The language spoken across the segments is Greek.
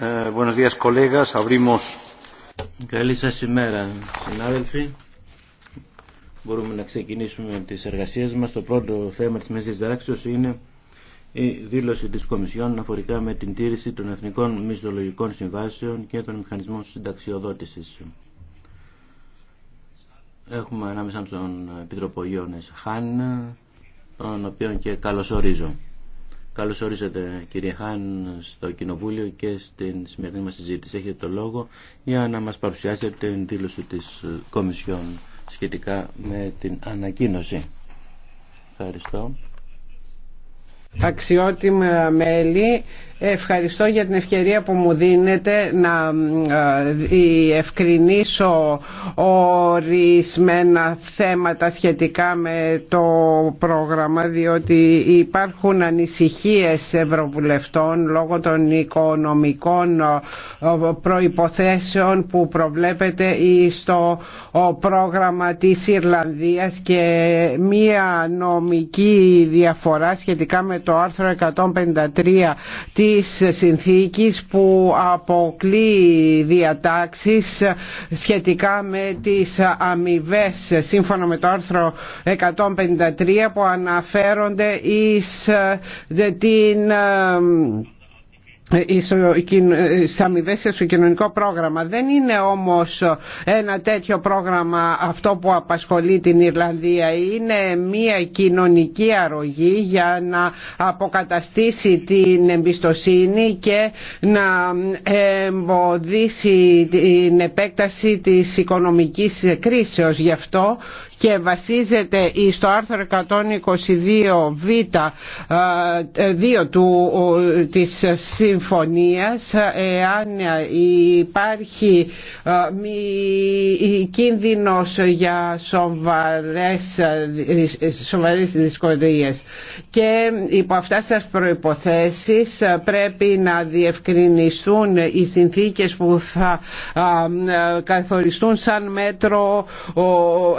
Ε, Καλή σας ημέρα, συνάδελφοι. Μπορούμε να ξεκινήσουμε τις εργασίες μας. Το πρώτο θέμα της Μέσης Δράξεως είναι η δήλωση της Κομισιόν αφορικά με την τήρηση των εθνικών μισθολογικών συμβάσεων και των μηχανισμών συνταξιοδότησης. Έχουμε ανάμεσα των Επιτροπογιώνες Χάν, τον οποίο και καλωσορίζω. Καλώ ορίσατε κύριε Χάν στο Κοινοβούλιο και στην σημερινή μας συζήτηση. Έχετε το λόγο για να μας παρουσιάσετε την δήλωση της Κομισιόν σχετικά με την ανακοίνωση. Ευχαριστώ. Αξιότιμα μέλη, ευχαριστώ για την ευκαιρία που μου δίνετε να ε, ευκρινίσω ορισμένα θέματα σχετικά με το πρόγραμμα διότι υπάρχουν ανησυχίες ευρωβουλευτών λόγω των οικονομικών ε, προϋποθέσεων που προβλέπεται στο ε, πρόγραμμα της Ιρλανδίας και μία νομική διαφορά σχετικά με το το άρθρο 153 της συνθήκης που αποκλεί διατάξεις σχετικά με τις αμοιβέ σύμφωνα με το άρθρο 153 που αναφέρονται εις ε, την ε, ε, ε, στα αμοιβέσια στο κοινωνικό πρόγραμμα. Δεν είναι όμως ένα τέτοιο πρόγραμμα αυτό που απασχολεί την Ιρλανδία. Είναι μια κοινωνική αρρωγή για να αποκαταστήσει την εμπιστοσύνη και να εμποδίσει την επέκταση της οικονομικής κρίσεως. Γι' αυτό και βασίζεται στο άρθρο 122β 2 ε, του, της συμφωνίας εάν υπάρχει ε, μη κίνδυνος για σοβαρές, ε, σοβαρές δυσκολίες και υπό αυτά σας προϋποθέσεις πρέπει να διευκρινιστούν οι συνθήκες που θα καθοριστούν σαν μέτρο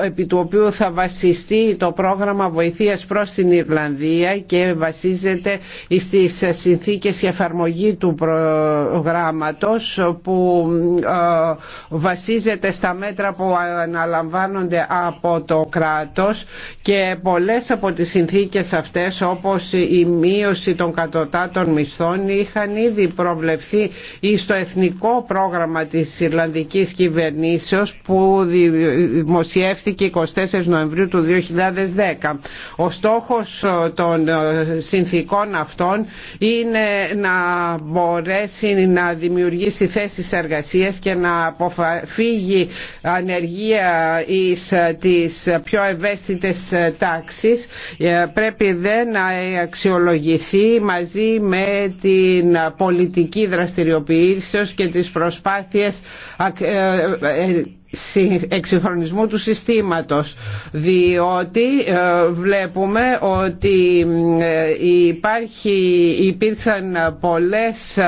επί οποίο θα βασιστεί το πρόγραμμα βοηθείας προς την Ιρλανδία και βασίζεται στις συνθήκες εφαρμογή του προγράμματος που ε, βασίζεται στα μέτρα που αναλαμβάνονται από το κράτος και πολλές από τις συνθήκες αυτές όπως η μείωση των κατοτάτων μισθών είχαν ήδη προβλεφθεί στο εθνικό πρόγραμμα της Ιρλανδικής κυβερνήσεως που δημοσιεύθηκε 24 Νοεμβρίου του 2010. Ο στόχος ε, των ε, συνθήκων αυτών είναι να μπορέσει να δημιουργήσει θέσεις εργασίας και να αποφύγει ανεργία εις ε, τις πιο ευαίσθητες τάξεις. Πρέπει δε να αξιολογηθεί μαζί με την πολιτική δραστηριοποίησης και τις προσπάθειες εξυγχρονισμού του συστήματος διότι ε, βλέπουμε ότι ε, υπάρχει, υπήρξαν πολλές ε,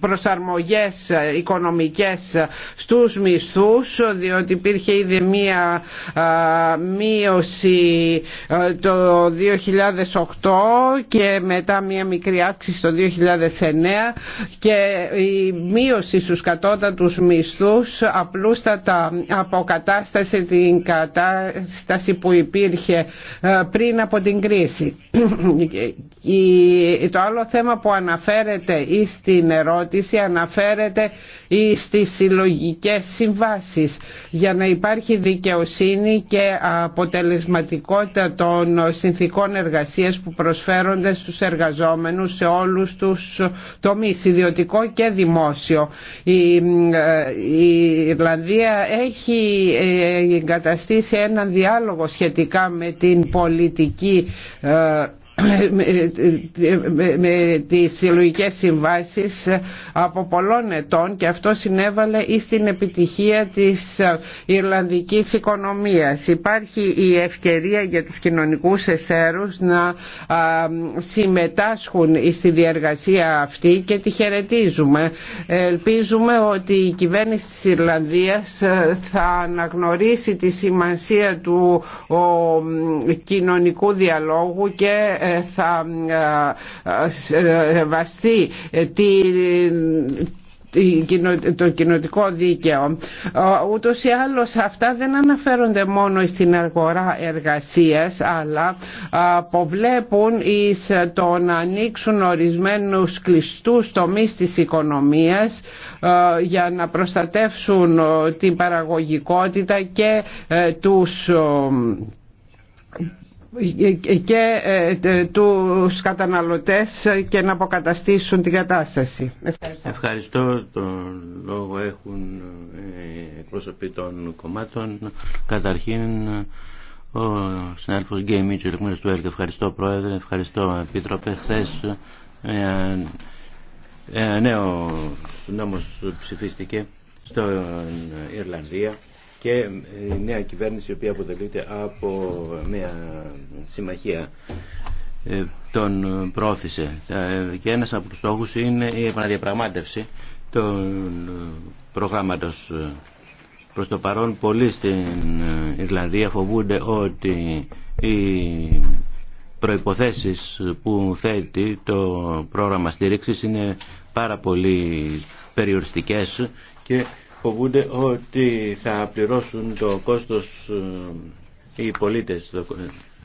προσαρμογές οικονομικές στους μισθούς διότι υπήρχε ήδη μία μείωση το 2008 και μετά μία μικρή αύξηση το 2009 και η μείωση στους κατώτατους μισθούς μισθούς απλούστατα αποκατάσταση την κατάσταση που υπήρχε ε, πριν από την κρίση. Το άλλο θέμα που αναφέρεται ή στην ερώτηση αναφέρεται ή στις συλλογικές συμβάσεις για να υπάρχει δικαιοσύνη και αποτελεσματικότητα των συνθήκων εργασίας που προσφέρονται στους εργαζόμενους σε όλους τους τομείς, ιδιωτικό και δημόσιο. Η, ε, η Ιρλανδία έχει ε, εγκαταστήσει έναν διάλογο σχετικά με την πολιτική ε, με τις συλλογικέ συμβάσεις από πολλών ετών και αυτό συνέβαλε ή στην επιτυχία της Ιρλανδικής οικονομίας. Υπάρχει η ευκαιρία για τους κοινωνικούς εστέρους να συμμετάσχουν στη διαργασία αυτή και τη χαιρετίζουμε. Ελπίζουμε ότι η κυβέρνηση της Ιρλανδίας θα αναγνωρίσει τη σημασία του κοινωνικού διαλόγου και θα ε, ε, βαστεί το κοινοτικό δίκαιο. Ούτως ή άλλως αυτά δεν αναφέρονται μόνο στην αγορά εργασίας αλλά αποβλέπουν εις το να ανοίξουν ορισμένους κλειστούς τομείς της οικονομίας ε, για να προστατεύσουν την παραγωγικότητα και τους και ε, τους καταναλωτές και να αποκαταστήσουν την κατάσταση. Ευχαριστώ. Ευχαριστώ. Τον λόγο έχουν ε, εκπρόσωποι των κομμάτων. Καταρχήν ο συνάδελφος Γκέι Μίτσο, του ΕΛΚ. Ευχαριστώ Πρόεδρε, ευχαριστώ Επίτροπε. Χθε ένα ε, νέο νόμος ψηφίστηκε στην Ιρλανδία και ε, η νέα κυβέρνηση η οποία αποτελείται από μια συμμαχία ε, τον πρόθυσε ε, και ένας από τους στόχους είναι η επαναδιαπραγμάτευση των προγράμματος προς το παρόν πολλοί στην Ιρλανδία φοβούνται ότι οι προϋποθέσεις που θέτει το πρόγραμμα στήριξης είναι πάρα πολύ περιοριστικές και φοβούνται ότι θα πληρώσουν το κόστος ε, οι πολίτες ε,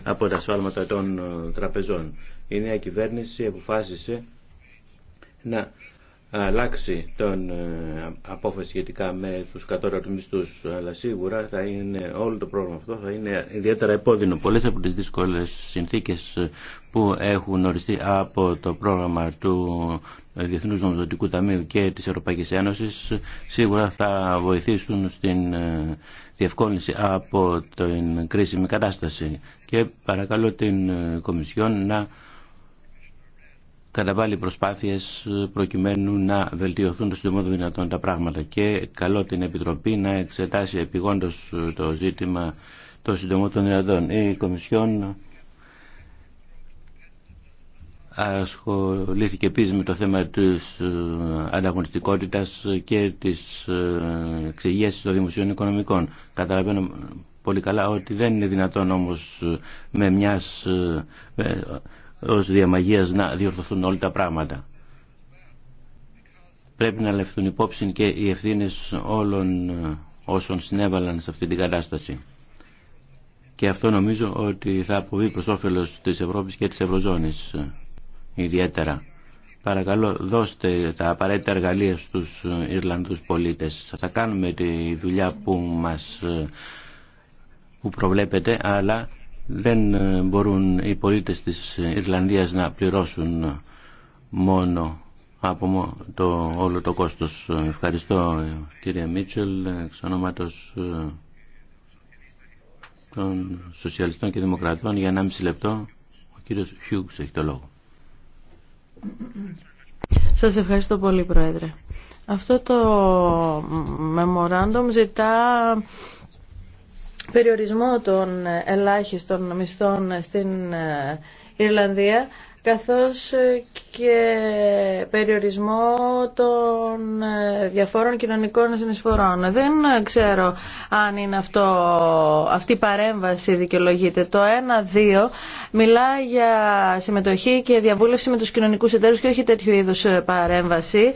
από τα σφάλματα των ε, τραπεζών. Η νέα κυβέρνηση αποφάσισε να αλλάξει τον ε, απόφαση σχετικά με τους κατώτατους μισθούς αλλά σίγουρα θα είναι όλο το πρόγραμμα αυτό θα είναι ιδιαίτερα επώδυνο πολλές από τις δύσκολες συνθήκες ε, που έχουν οριστεί από το πρόγραμμα του Διεθνούς Νομοδοτικού Ταμείου και της Ευρωπαϊκής Ένωσης σίγουρα θα βοηθήσουν στην ε, διευκόλυνση από την κρίσιμη κατάσταση και παρακαλώ την Κομισιόν να καταβάλει προσπάθειες ε, προκειμένου να βελτιωθούν το συντομότερο δυνατόν τα πράγματα και καλό την Επιτροπή να εξετάσει επιγόντως ε, το ζήτημα το των δυνατόν. Η Κομισιόν ασχολήθηκε επίσης με το θέμα της ε, ανταγωνιστικότητας και της εξηγήσεις των δημοσίων οικονομικών. Καταλαβαίνω πολύ καλά ότι δεν είναι δυνατόν όμως με μιας ως διαμαγείας να διορθωθούν όλα τα πράγματα. Πρέπει να λεφθούν υπόψη και οι ευθύνε όλων όσων συνέβαλαν σε αυτή την κατάσταση. Και αυτό νομίζω ότι θα αποβεί προς όφελος της Ευρώπης και της Ευρωζώνης ιδιαίτερα. Παρακαλώ δώστε τα απαραίτητα εργαλεία στους Ιρλανδούς πολίτες. Θα κάνουμε τη δουλειά που μας που προβλέπετε, αλλά δεν ε, μπορούν οι πολίτες της ε, Ιρλανδίας να πληρώσουν μόνο από το, όλο το κόστος. Ευχαριστώ ε, κύριε Μίτσελ, εξ ονόματος των Σοσιαλιστών και Δημοκρατών για 1,5 λεπτό. Ο κύριος Χιούγκς έχει το λόγο. Σας ευχαριστώ πολύ Πρόεδρε. Αυτό το memorandum ζητά περιορισμό των ελάχιστων μισθών στην ε, Ιρλανδία καθώς ε, και περιορισμό των ε, διαφόρων κοινωνικών συνεισφορών. Δεν ξέρω αν είναι αυτό, αυτή η παρέμβαση δικαιολογείται. Το 1-2 μιλά για συμμετοχή και διαβούλευση με τους κοινωνικούς εταίρους και όχι τέτοιου είδους ε, παρέμβαση.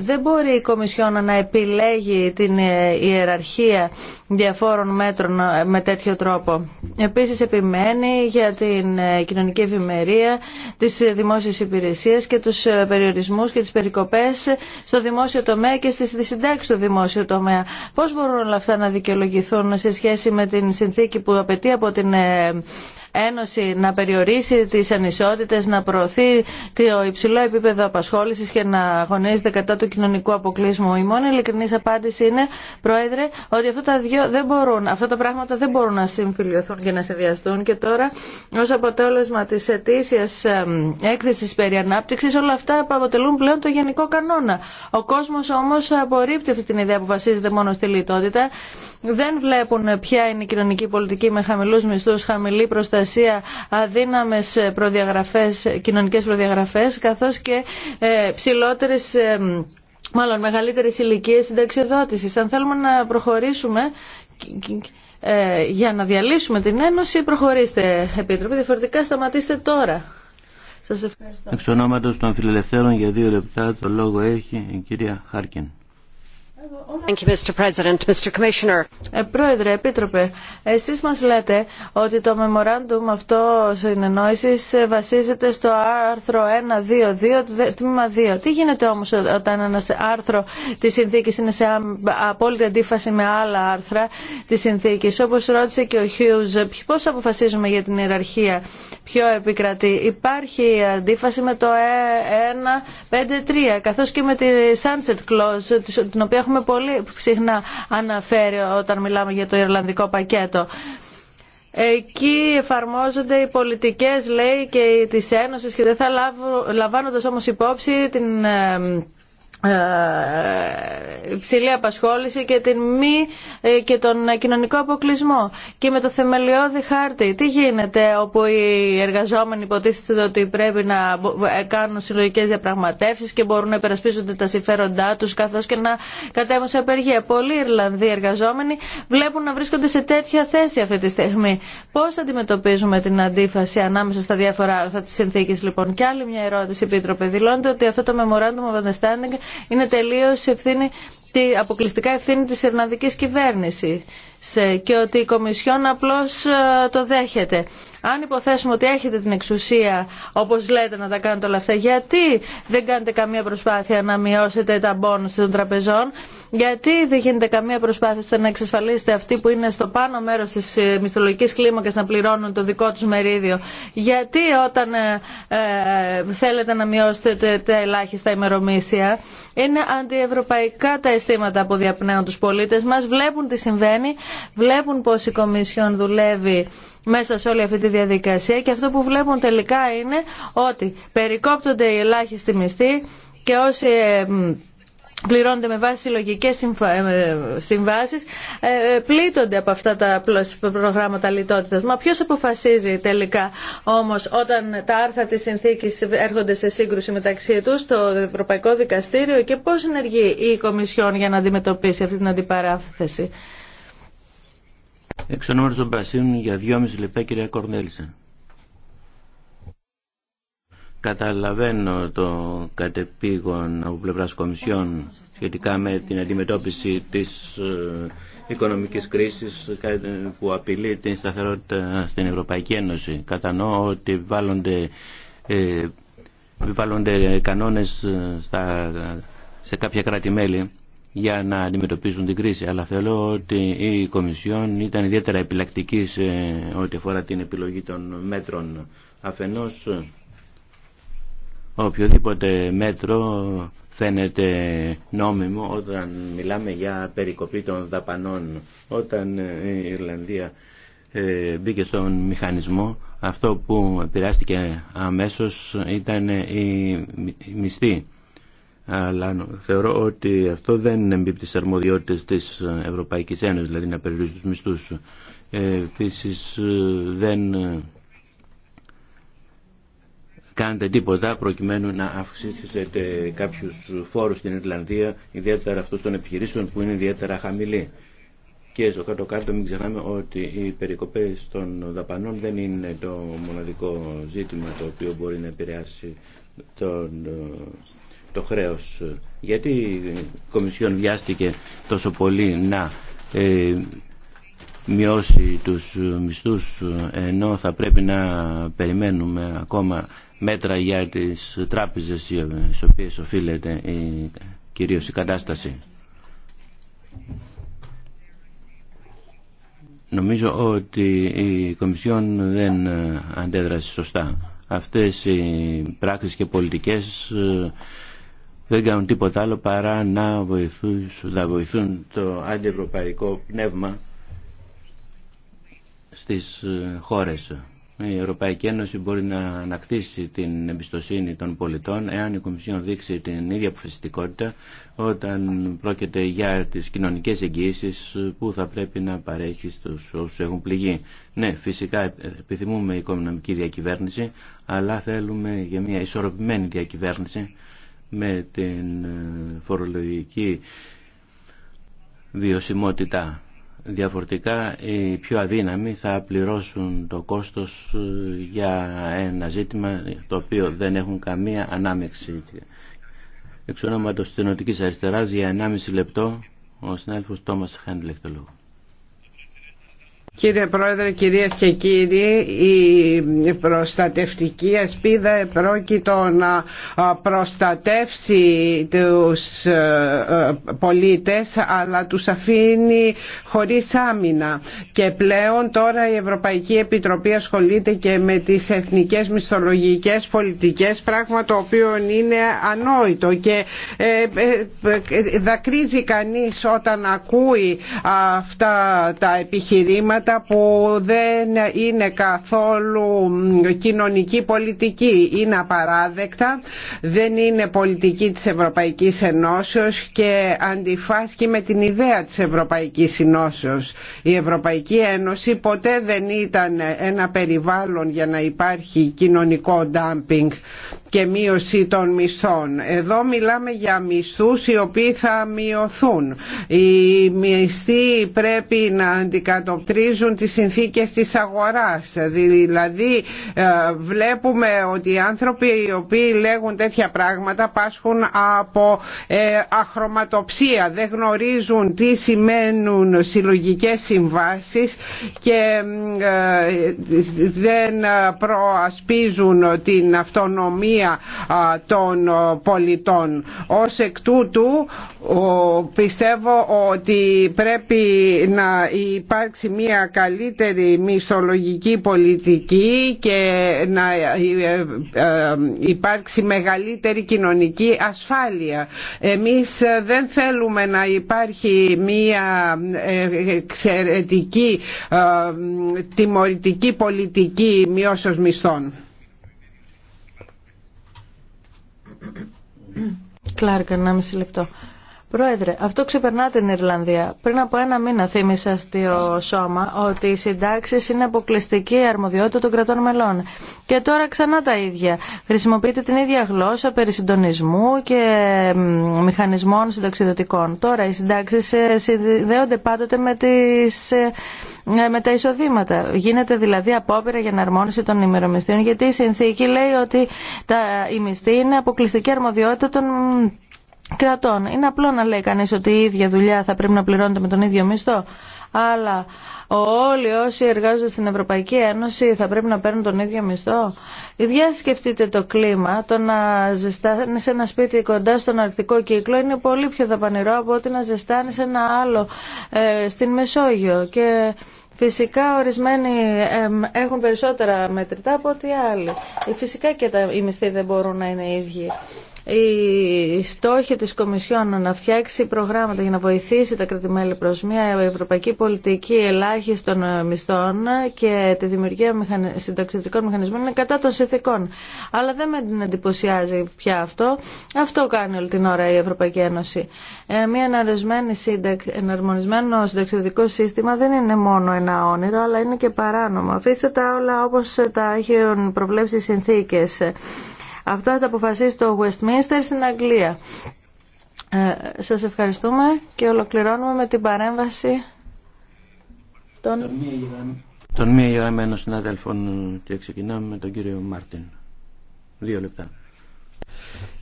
δεν μπορεί η Κομισιόν να επιλέγει την ιεραρχία διαφόρων μέτρων με τέτοιο τρόπο. Επίσης επιμένει για την κοινωνική ευημερία προστασία της δημόσιας υπηρεσίας και τους ε, περιορισμούς και τις περικοπές στο δημόσιο τομέα και στις συντάξεις του δημόσιου τομέα. Πώς μπορούν όλα αυτά να δικαιολογηθούν σε σχέση με την συνθήκη που απαιτεί από την ε, Ένωση να περιορίσει τις ανισότητες, να προωθεί το υψηλό επίπεδο απασχόλησης και να αγωνίζεται κατά του κοινωνικού αποκλείσμου. Η μόνη απάντηση απάντηση είναι, Πρόεδρε, ότι αυτά τα, δύο δεν μπορούν, αυτά τα πράγματα δεν μπορούν να συμφιλειωθούν και να συνδυαστούν και τώρα ως αποτέλεσμα της ετήσιας έκθεσης περί ανάπτυξης όλα αυτά αποτελούν πλέον το γενικό κανόνα. Ο κόσμος όμως απορρίπτει αυτή την ιδέα που βασίζεται μόνο στη λιτότητα. Δεν βλέπουν ποια είναι η κοινωνική πολιτική με χαμηλού μισθού, χαμηλή προστασία προστασία, αδύναμες προδιαγραφές, κοινωνικές προδιαγραφές, καθώς και ε, ψηλότερες ε, μάλλον μεγαλύτερες ηλικίες συνταξιοδότησης. Αν θέλουμε να προχωρήσουμε ε, για να διαλύσουμε την Ένωση, προχωρήστε, Επίτροπε. Διαφορετικά σταματήστε τώρα. Σας ευχαριστώ. Εξ ονόματος των φιλελευθέρων για δύο λεπτά το λόγο έχει η κυρία Χάρκιν. Thank President. Mr. Commissioner. Ε, Πρόεδρε, Επίτροπε, εσείς μας λέτε ότι το memorandum αυτό συνεννόησης βασίζεται στο άρθρο 1.2.2, τμήμα 2. Τι γίνεται όμως όταν ένα άρθρο της συνθήκης είναι σε απόλυτη αντίφαση με άλλα άρθρα της συνθήκης. Όπως ρώτησε και ο Χιούζ, πώς αποφασίζουμε για την ιεραρχία, ποιο επικρατεί. Υπάρχει αντίφαση με το 1.5.3, ε, καθώς και με τη sunset clause, την οποία έχουμε έχουμε πολύ συχνά αναφέρει όταν μιλάμε για το Ιρλανδικό πακέτο. Εκεί εφαρμόζονται οι πολιτικές, λέει, και της Ένωσης και δεν θα λαμβάνοντας όμως υπόψη την ε, υψηλή απασχόληση και, την μη, ε, και τον κοινωνικό αποκλεισμό. Και με το θεμελιώδη χάρτη, τι γίνεται όπου οι εργαζόμενοι υποτίθεται ότι πρέπει να ε, κάνουν συλλογικές διαπραγματεύσεις και μπορούν να υπερασπίζονται τα συμφέροντά τους καθώς και να κατέβουν σε απεργία. Πολλοί Ιρλανδοί εργαζόμενοι βλέπουν να βρίσκονται σε τέτοια θέση αυτή τη στιγμή. Πώς αντιμετωπίζουμε την αντίφαση ανάμεσα στα διάφορα αυτά τις συνθήκες λοιπόν. Και άλλη μια ερώτηση, Επίτροπε. Δηλώνεται ότι αυτό το Memorandum of Understanding είναι τελείως αποκλειστικά ευθύνη της Ιρλανδικής κυβέρνησης και ότι η Κομισιόν απλώς ε, το δέχεται. Αν υποθέσουμε ότι έχετε την εξουσία, όπως λέτε, να τα κάνετε όλα αυτά, γιατί δεν κάνετε καμία προσπάθεια να μειώσετε τα μπόνους των τραπεζών, γιατί δεν γίνεται καμία προσπάθεια να εξασφαλίσετε αυτοί που είναι στο πάνω μέρος της ε, μισθολογικής κλίμακας να πληρώνουν το δικό τους μερίδιο, γιατί όταν ε, ε, θέλετε να μειώσετε τα ελάχιστα ημερομήσια, είναι αντιευρωπαϊκά τα αισθήματα που διαπνέουν τους πολίτες μας, βλέπουν τι συμβαίνει βλέπουν πως η Κομισιόν δουλεύει μέσα σε όλη αυτή τη διαδικασία και αυτό που βλέπουν τελικά είναι ότι περικόπτονται οι ελάχιστοι μισθοί και όσοι ε, πληρώνονται με βάση συλλογικές ε, συμβάσεις ε, πλήττονται από αυτά τα προγράμματα λιτότητας. Μα ποιος αποφασίζει τελικά όμως όταν τα άρθρα της συνθήκης έρχονται σε σύγκρουση μεταξύ τους στο Ευρωπαϊκό Δικαστήριο και πώς ενεργεί η Κομισιόν για να αντιμετωπίσει αυτή την αντιπαράθεση. Εξ των Πρασίνων για 2,5 λεπτά κυρία Κορνέλισεν. Καταλαβαίνω το κατεπήγον από πλευρά Κομισιόν σχετικά με την αντιμετώπιση της ε, οικονομικής κρίσης που απειλεί την σταθερότητα στην Ευρωπαϊκή Ένωση. Κατανοώ ότι βάλλονται, ε, βάλλονται κανόνες ε, στα, σε κάποια κράτη-μέλη για να αντιμετωπίζουν την κρίση. Αλλά θέλω ότι η Κομισιόν ήταν ιδιαίτερα επιλακτική σε ό,τι αφορά την επιλογή των μέτρων. Αφενός, οποιοδήποτε μέτρο φαίνεται νόμιμο όταν μιλάμε για περικοπή των δαπανών. Όταν η Ιρλανδία ε, μπήκε στον μηχανισμό, αυτό που επηρεάστηκε αμέσως ήταν η μισθή αλλά θεωρώ ότι αυτό δεν εμπίπτει στις αρμοδιότητες της ε, Ευρωπαϊκής Ένωσης, δηλαδή να περιορίζει τους μισθούς. Ε, επίσης ε, δεν κάνετε τίποτα προκειμένου να αυξήσετε κάποιους φόρους στην Ιρλανδία, ιδιαίτερα αυτούς των επιχειρήσεων που είναι ιδιαίτερα χαμηλοί. Και στο κάτω-κάτω μην ξεχνάμε ότι οι περικοπές των δαπανών δεν είναι το μοναδικό ζήτημα το οποίο μπορεί να επηρεάσει τον το χρέος. Γιατί η Κομισιόν βιάστηκε τόσο πολύ να ε, μειώσει τους μισθούς ενώ θα πρέπει να περιμένουμε ακόμα μέτρα για τις τράπεζες στις οποίες οφείλεται η, κυρίως η κατάσταση. Νομίζω ότι η Κομισιόν δεν αντέδρασε σωστά. Αυτές οι πράξεις και πολιτικές δεν κάνουν τίποτα άλλο παρά να βοηθούν, να βοηθούν το αντιευρωπαϊκό πνεύμα στις ε, χώρες. Η Ευρωπαϊκή Ένωση μπορεί να ανακτήσει την εμπιστοσύνη των πολιτών εάν η Κομισιόν δείξει την ίδια αποφασιστικότητα όταν πρόκειται για τις κοινωνικές εγγυήσεις που θα πρέπει να παρέχει στους όσους έχουν πληγεί. Ναι, φυσικά ε, επιθυμούμε οικονομική διακυβέρνηση, αλλά θέλουμε για μια ισορροπημένη διακυβέρνηση με την ε, φορολογική βιωσιμότητα. Διαφορετικά οι πιο αδύναμοι θα πληρώσουν το κόστος ε, για ένα ζήτημα το οποίο δεν έχουν καμία ανάμεξη. Εξ ονόματος της Αριστεράς για 1,5 λεπτό ο συνάδελφος Τόμας Χάντλεκ το λόγο. Κύριε Πρόεδρε, κυρίες και κύριοι, η προστατευτική ασπίδα πρόκειτο να προστατεύσει τους ε, ε, πολίτες αλλά τους αφήνει χωρίς άμυνα και πλέον τώρα η Ευρωπαϊκή Επιτροπή ασχολείται και με τις εθνικές μισθολογικές πολιτικές πράγμα το οποίο είναι ανόητο και ε, δακρύζει κανείς όταν ακούει αυτά τα επιχειρήματα θέματα που δεν είναι καθόλου κοινωνική πολιτική. Είναι απαράδεκτα, δεν είναι πολιτική της Ευρωπαϊκής Ενώσεως και αντιφάσκει με την ιδέα της Ευρωπαϊκής Ενώσεως. Η Ευρωπαϊκή Ένωση ποτέ δεν ήταν ένα περιβάλλον για να υπάρχει κοινωνικό ντάμπινγκ και μείωση των μισθών. Εδώ μιλάμε για μισθούς οι οποίοι θα μειωθούν. Οι μισθοί πρέπει να αντικατοπτρίσουν γνωρίζουν τις συνθήκες της αγοράς. Δηλαδή ε, βλέπουμε ότι οι άνθρωποι οι οποίοι λέγουν τέτοια πράγματα πάσχουν από ε, αχρωματοψία, δεν γνωρίζουν τι σημαίνουν συλλογικές συμβάσεις και ε, δεν προασπίζουν την αυτονομία των πολιτών. Ως εκ τούτου πιστεύω ότι πρέπει να υπάρξει μια καλύτερη μισθολογική πολιτική και να ε, ε, ε, υπάρξει μεγαλύτερη κοινωνική ασφάλεια. Εμείς δεν θέλουμε να υπάρχει μια εξαιρετική τιμωρητική πολιτική μειώσεως μισθών. λεπτό. Πρόεδρε, αυτό ξεπερνά την Ιρλανδία. Πριν από ένα μήνα θύμισα στο σώμα ότι οι συντάξει είναι αποκλειστική αρμοδιότητα των κρατών μελών. Και τώρα ξανά τα ίδια. Χρησιμοποιείται την ίδια γλώσσα περί συντονισμού και μηχανισμών συνταξιδοτικών. Τώρα οι συντάξει ε, συνδέονται πάντοτε με, τις, ε, ε, με τα εισοδήματα. Γίνεται δηλαδή απόπειρα για εναρμόνιση των ημερομισθείων γιατί η συνθήκη λέει ότι τα, η μισθή είναι αποκλειστική αρμοδιότητα των κρατών. Είναι απλό να λέει κανεί ότι η ίδια δουλειά θα πρέπει να πληρώνεται με τον ίδιο μισθό, αλλά όλοι όσοι εργάζονται στην Ευρωπαϊκή Ένωση θα πρέπει να παίρνουν τον ίδιο μισθό. Ιδιά σκεφτείτε το κλίμα, το να ζεστάνεις ένα σπίτι κοντά στον αρκτικό κύκλο είναι πολύ πιο δαπανηρό από ότι να ζεστάνεις ένα άλλο ε, στην Μεσόγειο και... Φυσικά ορισμένοι έχουν περισσότερα μετρητά από ό,τι άλλοι. Ε, φυσικά και τα, οι μισθοί δεν μπορούν να είναι ίδιοι η στόχη της Κομισιόν να φτιάξει προγράμματα για να βοηθήσει τα κρατημέλη προς μια ευρωπαϊκή πολιτική ελάχιστων μισθών και τη δημιουργία συνταξιωτικών μηχανισμών είναι κατά των συνθηκών. Αλλά δεν με εντυπωσιάζει πια αυτό. Αυτό κάνει όλη την ώρα η Ευρωπαϊκή Ένωση. Ε, μια εναρμονισμένο συνταξιωτικό σύστημα δεν είναι μόνο ένα όνειρο, αλλά είναι και παράνομο. Αφήστε τα όλα όπως τα έχουν προβλέψει οι συνθήκες. Αυτό θα το αποφασίσει το Westminster στην Αγγλία. Ε, σας ευχαριστούμε και ολοκληρώνουμε με την παρέμβαση των... Τον μία γεγραμμένο συνάδελφων και ξεκινάμε με τον κύριο Μάρτιν. Δύο λεπτά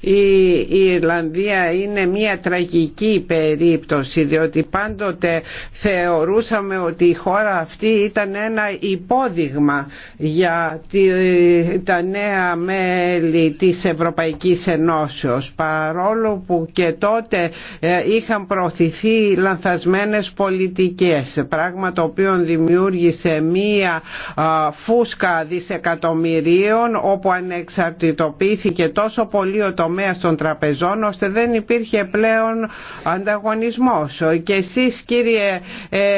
η Ιρλανδία είναι μια τραγική περίπτωση διότι πάντοτε θεωρούσαμε ότι η χώρα αυτή ήταν ένα υπόδειγμα για τα νέα μέλη της Ευρωπαϊκής Ενώσεως παρόλο που και τότε ε, είχαν προωθηθεί λανθασμένες πολιτικές πράγμα το οποίο δημιούργησε μία φούσκα δισεκατομμυρίων όπου ανεξαρτητοποιήθηκε τόσο πολύ ο τομέα των τραπεζών ώστε δεν υπήρχε πλέον ανταγωνισμός. Και εσείς κύριε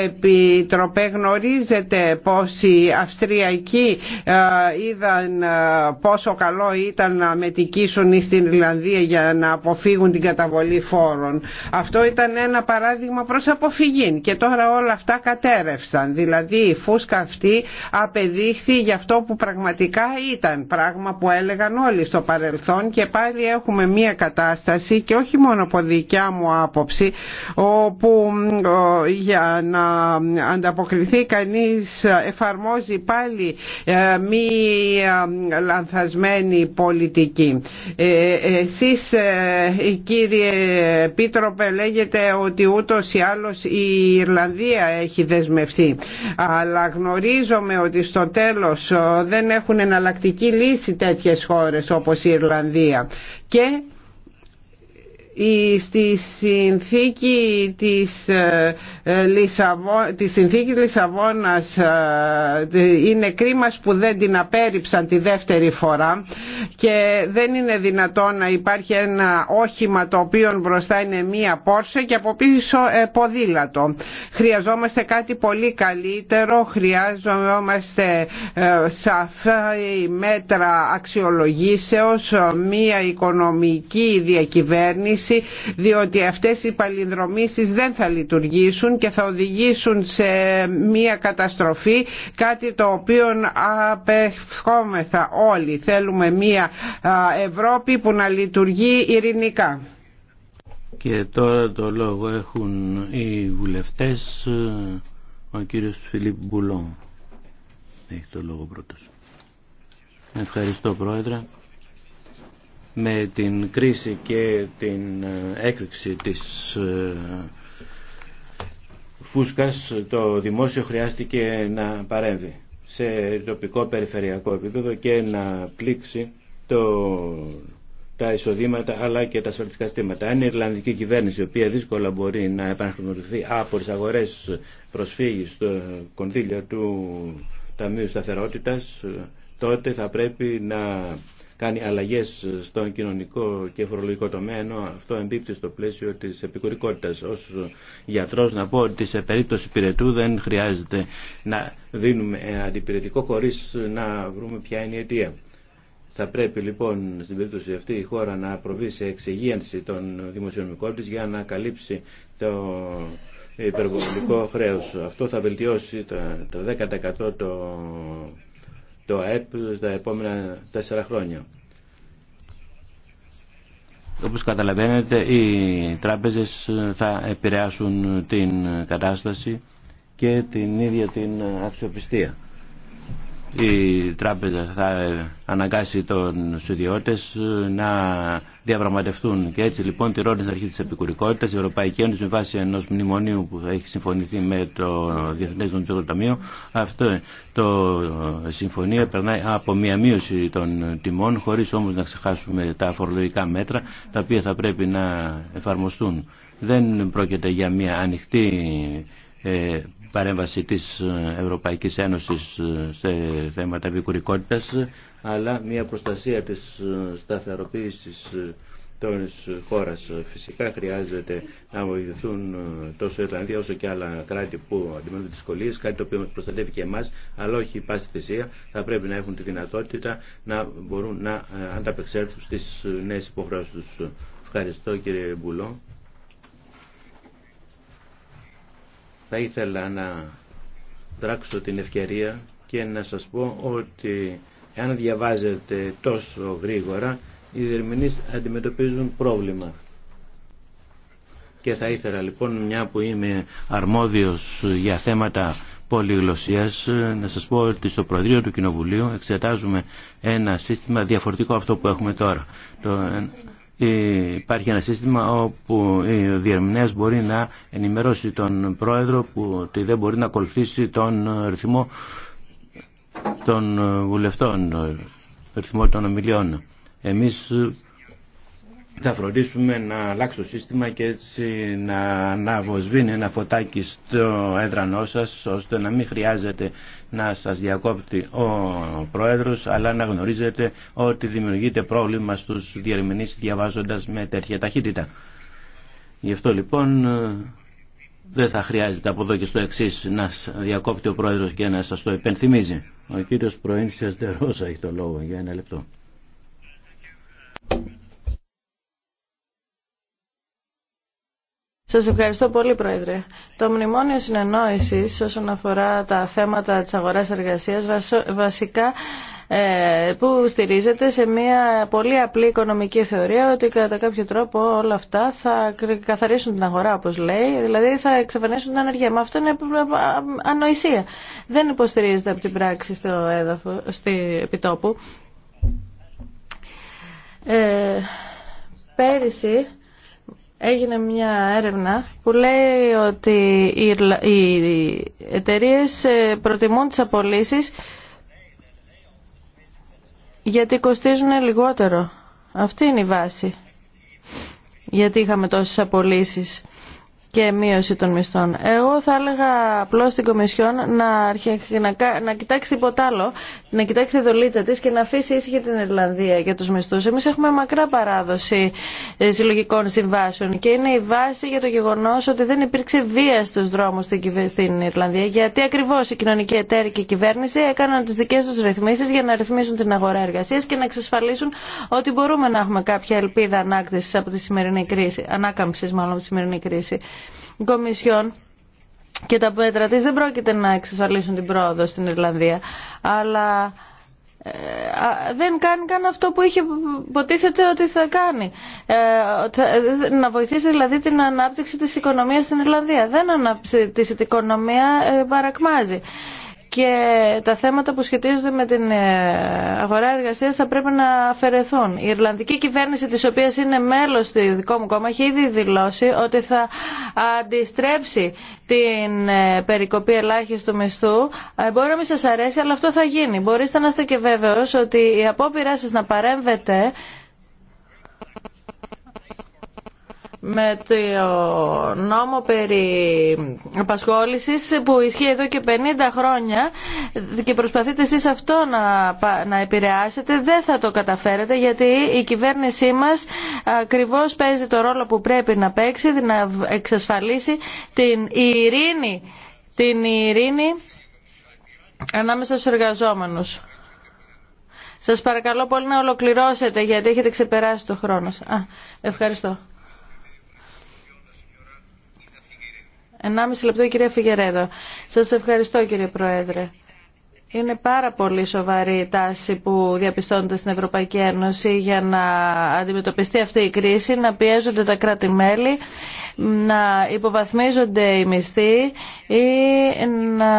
Επιτροπέ γνωρίζετε πως οι Αυστριακοί ε, είδαν ε, πόσο καλό ήταν να μετικήσουν στην Ιρλανδία για να αποφύγουν την καταβολή φόρων. Αυτό ήταν ένα παράδειγμα προς αποφυγή και τώρα όλα αυτά κατέρευσαν. Δηλαδή η φούσκα αυτή απεδείχθη για αυτό που πραγματικά ήταν πράγμα που έλεγαν όλοι στο παρελθόν και πάλι έχουμε μία κατάσταση και όχι μόνο από δικιά μου άποψη όπου για να ανταποκριθεί κανείς εφαρμόζει πάλι ε, μία λανθασμένη πολιτική. Ε, εσείς ε, κύριε Επίτροπε λέγετε ότι ούτως ή άλλως η Ιρλανδία έχει δεσμευτεί αλλά γνωρίζομαι ότι στο τέλος δεν έχουν εναλλακτική λύση τέτοιες χώρες όπως η Ιρλανδία και στη συνθήκη της ε, ε, τη συνθήκη Λισαβόνας ε, είναι κρίμα που δεν την απέρριψαν τη δεύτερη φορά και δεν είναι δυνατόν να υπάρχει ένα όχημα το οποίο μπροστά είναι μία πόρσε και από πίσω ε, ποδήλατο. Χρειαζόμαστε κάτι πολύ καλύτερο, χρειάζομαστε σαφή μέτρα αξιολογήσεως, μία οικονομική διακυβέρνηση διότι αυτές οι παλινδρομήσεις δεν θα λειτουργήσουν και θα οδηγήσουν σε μια καταστροφή κάτι το οποίο απευχόμεθα όλοι. Θέλουμε μια Ευρώπη που να λειτουργεί ειρηνικά. Και τώρα το λόγο έχουν οι βουλευτές, ο κύριος Φιλίπ Μπουλόν. Έχει το λόγο πρώτος. Ευχαριστώ Πρόεδρε. Με την κρίση και την ε, έκρηξη της ε, φούσκας το δημόσιο χρειάστηκε να παρέμβει σε τοπικό περιφερειακό επίπεδο και να πλήξει το, τα εισοδήματα αλλά και τα ασφαλιστικά στήματα. Αν η Ιρλανδική κυβέρνηση, η οποία δύσκολα μπορεί να επαναχρηματοδοτηθεί από τι αγορέ προσφύγει στο κονδύλια του Ταμείου Σταθερότητα, τότε θα πρέπει να κάνει αλλαγές στον κοινωνικό και φορολογικό τομέα, ενώ αυτό εμπίπτει στο πλαίσιο της επικουρικότητας. ω γιατρό να πω ότι σε περίπτωση πυρετού δεν χρειάζεται να δίνουμε αντιπυρετικό χωρί να βρούμε ποια είναι η αιτία. Θα πρέπει λοιπόν στην περίπτωση αυτή η χώρα να προβεί σε εξυγίανση των δημοσιονομικών τη για να καλύψει το υπερβολικό χρέος. Αυτό θα βελτιώσει το 10% το το ΑΕΠ τα επόμενα τέσσερα χρόνια. Όπως καταλαβαίνετε, οι τράπεζες θα επηρεάσουν την κατάσταση και την ίδια την αξιοπιστία η τράπεζα θα αναγκάσει τον ιδιώτες να διαπραγματευτούν. Και έτσι λοιπόν ρόλη την αρχή της επικουρικότητας η Ευρωπαϊκή Ένωση με βάση ενός μνημονίου που έχει συμφωνηθεί με το Διεθνές Νομιστικό Ταμείο. Αυτό το συμφωνία περνάει από μια μείωση των τιμών χωρίς όμως να ξεχάσουμε τα φορολογικά μέτρα τα οποία θα πρέπει να εφαρμοστούν. Δεν πρόκειται για μια ανοιχτή ε, παρέμβαση της ε, Ευρωπαϊκής Ένωσης ε, σε θέματα επικουρικότητας, αλλά μια προστασία της ε, σταθεροποίησης των χώρας. Φυσικά χρειάζεται να βοηθούν τόσο η Ιρλανδία όσο και άλλα κράτη που αντιμετωπίζουν δυσκολίες, κάτι το οποίο προστατεύει και εμάς, αλλά όχι πάση θυσία. Θα πρέπει να έχουν τη δυνατότητα να μπορούν να ανταπεξέλθουν στις νέες υποχρεώσεις του. Ευχαριστώ κύριε Μπουλό. Θα ήθελα να δράξω την ευκαιρία και να σας πω ότι αν διαβάζετε τόσο γρήγορα οι διερμηνείς αντιμετωπίζουν πρόβλημα. Και θα ήθελα λοιπόν μια που είμαι αρμόδιος για θέματα πολυγλωσσίας να σας πω ότι στο Προεδρείο του Κοινοβουλίου εξετάζουμε ένα σύστημα διαφορετικό αυτό που έχουμε τώρα. Το υπάρχει ένα σύστημα όπου ο διερμηνέας μπορεί να ενημερώσει τον πρόεδρο που ότι δεν μπορεί να ακολουθήσει τον ρυθμό των βουλευτών, ρυθμό των ομιλιών. Εμείς θα φροντίσουμε να αλλάξει το σύστημα και έτσι να, να βοσβήνει ένα φωτάκι στο έδρανό σας ώστε να μην χρειάζεται να σας διακόπτει ο Πρόεδρος αλλά να γνωρίζετε ότι δημιουργείται πρόβλημα στους διερμηνείς διαβάζοντας με τέτοια ταχύτητα. Γι' αυτό λοιπόν δεν θα χρειάζεται από εδώ και στο εξή να διακόπτει ο Πρόεδρος και να σας το υπενθυμίζει. Ο κύριος Προήνσιας Ντερόσα έχει το λόγο για ένα λεπτό. Σας ευχαριστώ πολύ, Πρόεδρε. Το Μνημόνιο Συνεννόηση όσον αφορά τα θέματα της αγοράς εργασίας βασικά ε, που στηρίζεται σε μια πολύ απλή οικονομική θεωρία ότι κατά κάποιο τρόπο όλα αυτά θα καθαρίσουν την αγορά όπως λέει, δηλαδή θα εξαφανίσουν την ανεργία. Μα αυτό είναι ανοησία. Δεν υποστηρίζεται από την πράξη στο έδαφο, στη επιτόπου. Ε, πέρυσι έγινε μια έρευνα που λέει ότι οι εταιρείε ε, προτιμούν τις απολύσεις γιατί κοστίζουν λιγότερο. Αυτή είναι η βάση. Γιατί είχαμε τόσες απολύσεις και μείωση των μισθών. Εγώ θα έλεγα απλώ στην Κομισιόν να, να, να κοιτάξει τίποτα άλλο, να κοιτάξει τη δολίτσα τη και να αφήσει ήσυχη την Ιρλανδία για του μισθού. Εμεί έχουμε μακρά παράδοση ε, συλλογικών συμβάσεων και είναι η βάση για το γεγονό ότι δεν υπήρξε βία στου δρόμου στην Ιρλανδία. Γιατί ακριβώ η κοινωνική εταίροι και η κυβέρνηση έκαναν τι δικέ του ρυθμίσει για να ρυθμίσουν την αγορά εργασία και να εξασφαλίσουν ότι μπορούμε να έχουμε κάποια ελπίδα ανάκτηση από τη σημερινή κρίση, ανάκαμψη μάλλον από τη σημερινή κρίση. Κομισιόν και τα πέτρα της δεν πρόκειται να εξασφαλίσουν την πρόοδο στην Ιρλανδία, αλλά ε, δεν κάνει καν αυτό που είχε υποτίθεται ότι θα κάνει. Ε, να βοηθήσει δηλαδή την ανάπτυξη της οικονομίας στην Ιρλανδία. Δεν ανάπτυξη της οικονομία ε, παρακμάζει και τα θέματα που σχετίζονται με την ε, αγορά εργασίας θα πρέπει να αφαιρεθούν. Η Ιρλανδική κυβέρνηση της οποίας είναι μέλος του δικό μου κόμμα έχει ήδη δηλώσει ότι θα αντιστρέψει την ε, περικοπή ελάχιστου μισθού. Ε, μπορεί να μην σας αρέσει αλλά αυτό θα γίνει. Μπορείτε να είστε και βέβαιος ότι η απόπειρά σας να παρέμβετε με το νόμο περί απασχόλησης που ισχύει εδώ και 50 χρόνια και προσπαθείτε εσείς αυτό να, να επηρεάσετε δεν θα το καταφέρετε γιατί η κυβέρνησή μας ακριβώ παίζει το ρόλο που πρέπει να παίξει να εξασφαλίσει την ειρήνη την ειρήνη ανάμεσα στους εργαζόμενους. Σας παρακαλώ πολύ να ολοκληρώσετε γιατί έχετε ξεπεράσει το χρόνο. ευχαριστώ. Ενάμιση λεπτό η κυρία Φιγερέδο. Σας ευχαριστώ κύριε Πρόεδρε. Είναι πάρα πολύ σοβαρή η τάση που διαπιστώνεται στην Ευρωπαϊκή Ένωση για να αντιμετωπιστεί αυτή η κρίση, να πιέζονται τα κράτη-μέλη, να υποβαθμίζονται οι μισθοί ή να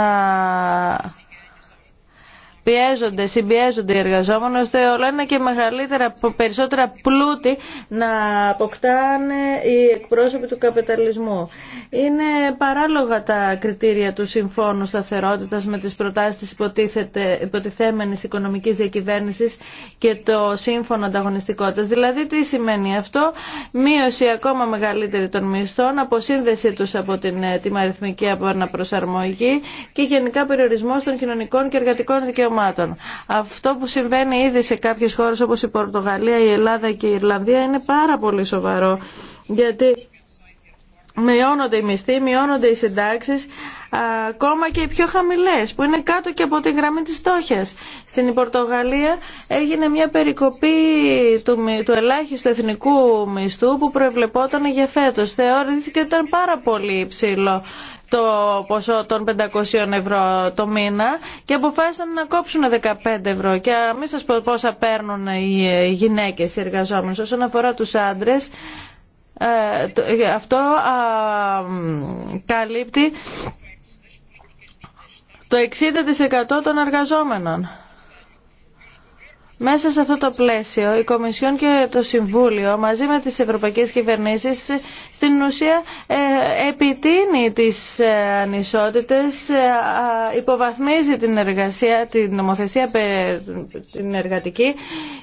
πιέζονται, συμπιέζονται οι εργαζόμενοι ώστε όλα ένα και μεγαλύτερα, περισσότερα πλούτη να αποκτάνε οι εκπρόσωποι του καπιταλισμού. Είναι παράλογα τα κριτήρια του Συμφώνου σταθερότητα με τις προτάσεις τη υποτιθέμενη οικονομική διακυβέρνηση και το Σύμφωνο ανταγωνιστικότητα. Δηλαδή τι σημαίνει αυτό, μείωση ακόμα μεγαλύτερη των μισθών, αποσύνδεσή του από την ε, τιμαριθμική αναπροσαρμογή και γενικά περιορισμό των κοινωνικών και εργατικών δικαιωμάτων αυτό που συμβαίνει ήδη σε κάποιες χώρες όπως η Πορτογαλία, η Ελλάδα και η Ιρλανδία είναι πάρα πολύ σοβαρό γιατί μειώνονται οι μισθοί, μειώνονται οι συντάξει, ακόμα και οι πιο χαμηλέ, που είναι κάτω και από τη γραμμή τη φτώχεια. Στην Πορτογαλία έγινε μια περικοπή του, ελάχιστου εθνικού μισθού που προεβλεπόταν για φέτο. Θεωρήθηκε ότι ήταν πάρα πολύ υψηλό το ποσό των 500 ευρώ το μήνα και αποφάσισαν να κόψουν 15 ευρώ. Και μην σα πω πόσα παίρνουν οι ε, γυναίκες οι εργαζόμενε. Όσον αφορά τους άντρες, ε, ε, αυτό καλύπτει το 60% των εργαζόμενων. Μέσα σε αυτό το πλαίσιο, η Κομισιόν και το Συμβούλιο, μαζί με τις ευρωπαϊκές κυβερνήσεις, στην ουσία ε, επιτείνει τις ε, ανισότητες, ε, υποβαθμίζει την εργασία, την νομοθεσία, την εργατική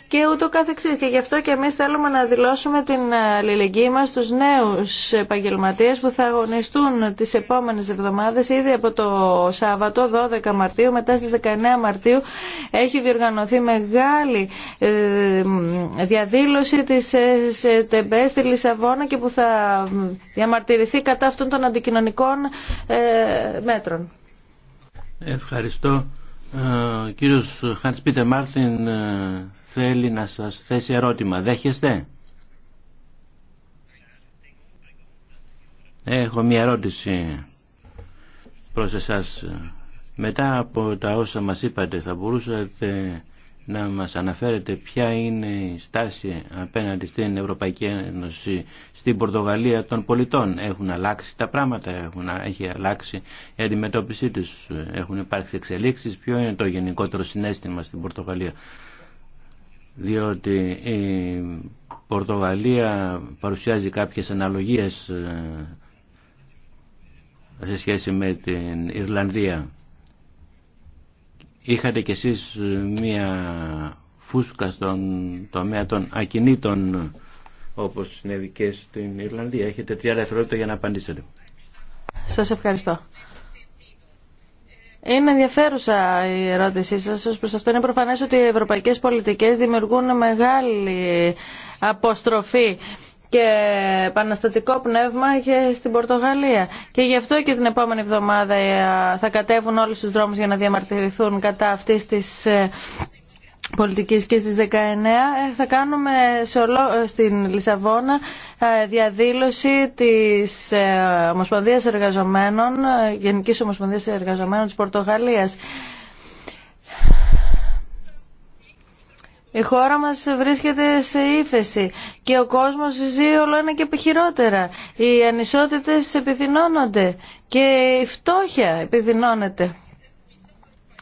και ούτω καθεξής. Και γι' αυτό και εμείς θέλουμε να δηλώσουμε την αλληλεγγύη μας στους νέους επαγγελματίε που θα αγωνιστούν τις επόμενες εβδομάδες, ήδη από το Σάββατο 12 Μαρτίου, μετά στις 19 Μαρτίου έχει διοργανωθεί μεγάλη μεγάλη ε, διαδήλωση της ε, ΤΕΜΠΕ στη Λισαβόνα και που θα διαμαρτυρηθεί κατά αυτών των αντικοινωνικών ε, μέτρων. Ευχαριστώ. Ο κύριος Χάρτς Πίτερ Μάρτιν θέλει να σας θέσει ερώτημα. Δέχεστε? Έχω μία ερώτηση προς εσάς. Μετά από τα όσα μας είπατε θα μπορούσατε να μας αναφέρετε ποια είναι η στάση απέναντι στην Ευρωπαϊκή Ένωση στην Πορτογαλία των πολιτών. Έχουν αλλάξει τα πράγματα, έχουν, έχει αλλάξει η αντιμετώπιση τους, έχουν υπάρξει εξελίξεις. Ποιο είναι το γενικότερο συνέστημα στην Πορτογαλία. Διότι η Πορτογαλία παρουσιάζει κάποιες αναλογίες ε, σε σχέση με την Ιρλανδία είχατε κι εσείς ε, μία φούσκα στον τομέα των ακινήτων όπως συνέβη και στην Ιρλανδία. Έχετε τρία δευτερόλεπτα για να απαντήσετε. Σας ευχαριστώ. Είναι ενδιαφέρουσα η ερώτησή σας. Ως προς αυτό είναι προφανές ότι οι ευρωπαϊκές πολιτικές δημιουργούν μεγάλη αποστροφή και επαναστατικό πνεύμα και στην Πορτογαλία. Και γι' αυτό και την επόμενη εβδομάδα ε, θα κατέβουν όλου του δρόμους για να διαμαρτυρηθούν κατά αυτής της ε, πολιτικής και στις 19 ε, θα κάνουμε στην Λισαβόνα διαδήλωση της Ομοσπονδίας Εργαζομένων, Γενικής Ομοσπονδίας Εργαζομένων της Πορτογαλίας. Η χώρα μας βρίσκεται σε ύφεση και ο κόσμος ζει όλο ένα και επιχειρότερα. Οι ανισότητες επιδεινώνονται και η φτώχεια επιδεινώνεται.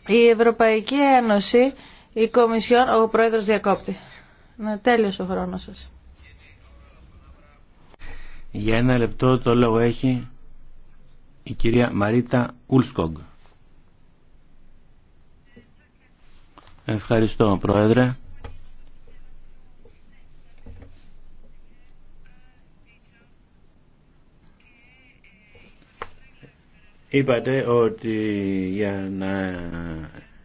Η Ευρωπαϊκή Ένωση, η Κομισιόν, ο Πρόεδρος διακόπτη. Να τέλειωσε ο χρόνος σας. Για ένα λεπτό το λόγο έχει η κυρία Μαρίτα Ουλσκογ. Ευχαριστώ Πρόεδρε. Είπατε ότι για να...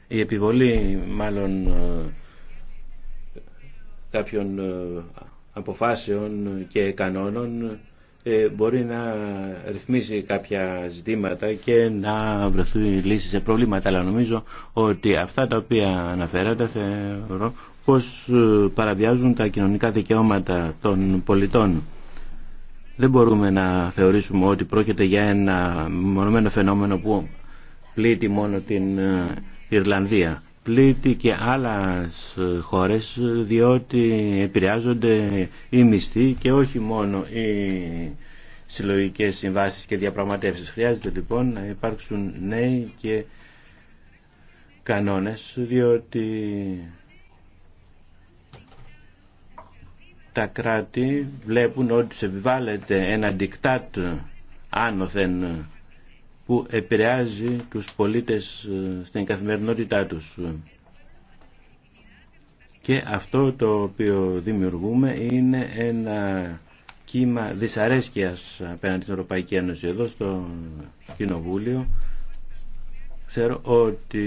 η επιβολή μάλλον ε, κάποιων ε, αποφάσεων και κανόνων ε, μπορεί να ρυθμίσει κάποια ζητήματα και να βρεθούν λύσει σε προβλήματα. Αλλά νομίζω ότι αυτά τα οποία αναφέρατε θεωρώ πως παραβιάζουν τα κοινωνικά δικαιώματα των πολιτών. Δεν μπορούμε να θεωρήσουμε ότι πρόκειται για ένα μονομένο φαινόμενο που πλήττει μόνο την ε, Ιρλανδία. Πλήττει και άλλες χώρες διότι επηρεάζονται οι μισθοί και όχι μόνο οι συλλογικές συμβάσεις και διαπραγματεύσεις. Χρειάζεται λοιπόν να υπάρξουν νέοι και κανόνες διότι τα κράτη βλέπουν ότι σε επιβάλλεται ένα δικτάτ άνωθεν που επηρεάζει τους πολίτες ε, στην καθημερινότητά τους. Και αυτό το οποίο δημιουργούμε είναι ένα κύμα δυσαρέσκειας απέναντι στην Ευρωπαϊκή Ένωση εδώ στο Κοινοβούλιο Ξέρω ότι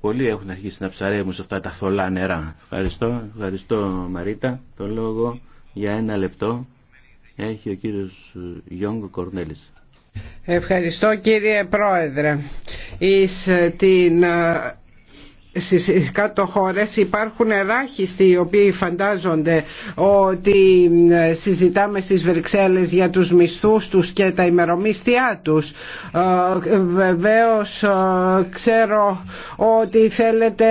πολλοί έχουν αρχίσει να ψαρεύουν σε αυτά τα θολά νερά. Ευχαριστώ, ευχαριστώ Μαρίτα. Το λόγο για ένα λεπτό έχει ο κύριος Γιόγκο Κορνέλης. Ευχαριστώ κύριε Πρόεδρε. την στις κάτω χώρες υπάρχουν ελάχιστοι οι οποίοι φαντάζονται ότι συζητάμε στις Βρυξέλλες για τους μισθούς τους και τα ημερομίσθια τους. Ε, βεβαίως ε, ξέρω ότι θέλετε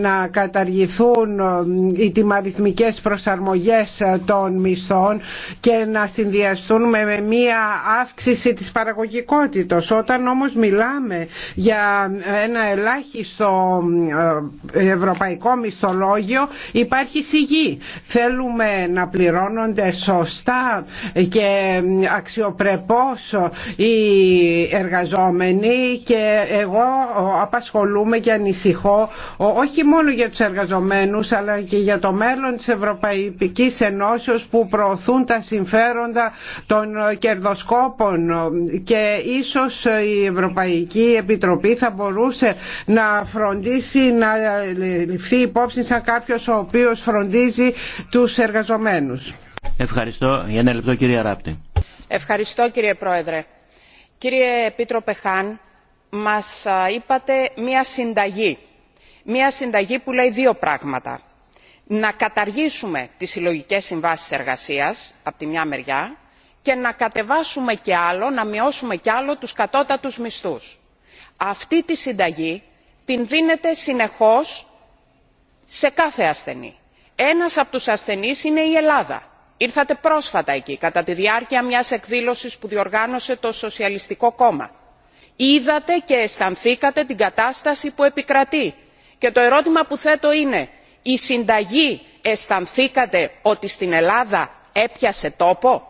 να καταργηθούν ε, οι τιμαριθμικές προσαρμογές των μισθών και να συνδυαστούν με μία αύξηση της παραγωγικότητας. Όταν όμως μιλάμε για ένα ελάχιστο ε, ευρωπαϊκό μισθολόγιο υπάρχει σιγή. Θέλουμε να πληρώνονται σωστά και αξιοπρεπώς οι εργαζόμενοι και εγώ απασχολούμαι και ανησυχώ όχι μόνο για τους εργαζομένους αλλά και για το μέλλον της Ευρωπαϊκής Ενώσεως που προωθούν τα συμφέροντα των κερδοσκόπων και ίσως η Ευρωπαϊκή Επιτροπή θα μπορούσε να φροντίσει να ληφθεί υπόψη σαν κάποιος ο οποίος φροντίζει τους εργαζομένους. Ευχαριστώ. Για ένα λεπτό κύριε Ράπτη. Ευχαριστώ κύριε Πρόεδρε. Κύριε Επίτροπε Χάν, μας είπατε μία συνταγή. Μία συνταγή που λέει δύο πράγματα. Να καταργήσουμε τις συλλογικές συμβάσεις εργασίας από τη μια μεριά και να κατεβάσουμε και άλλο, να μειώσουμε και άλλο τους κατώτατους μισθούς. Αυτή τη συνταγή την δίνεται συνεχώς σε κάθε ασθενή. ένας από τους ασθενείς είναι η ελλάδα. ήρθατε πρόσφατα εκεί κατά τη διάρκεια μιας εκδήλωσης που διοργάνωσε το σοσιαλιστικό κόμμα. είδατε και αισθανθήκατε την κατάσταση που επικρατεί και το ερώτημα που θέτω είναι η συνταγή αισθανθήκατε ότι στην ελλάδα έπιασε τόπο;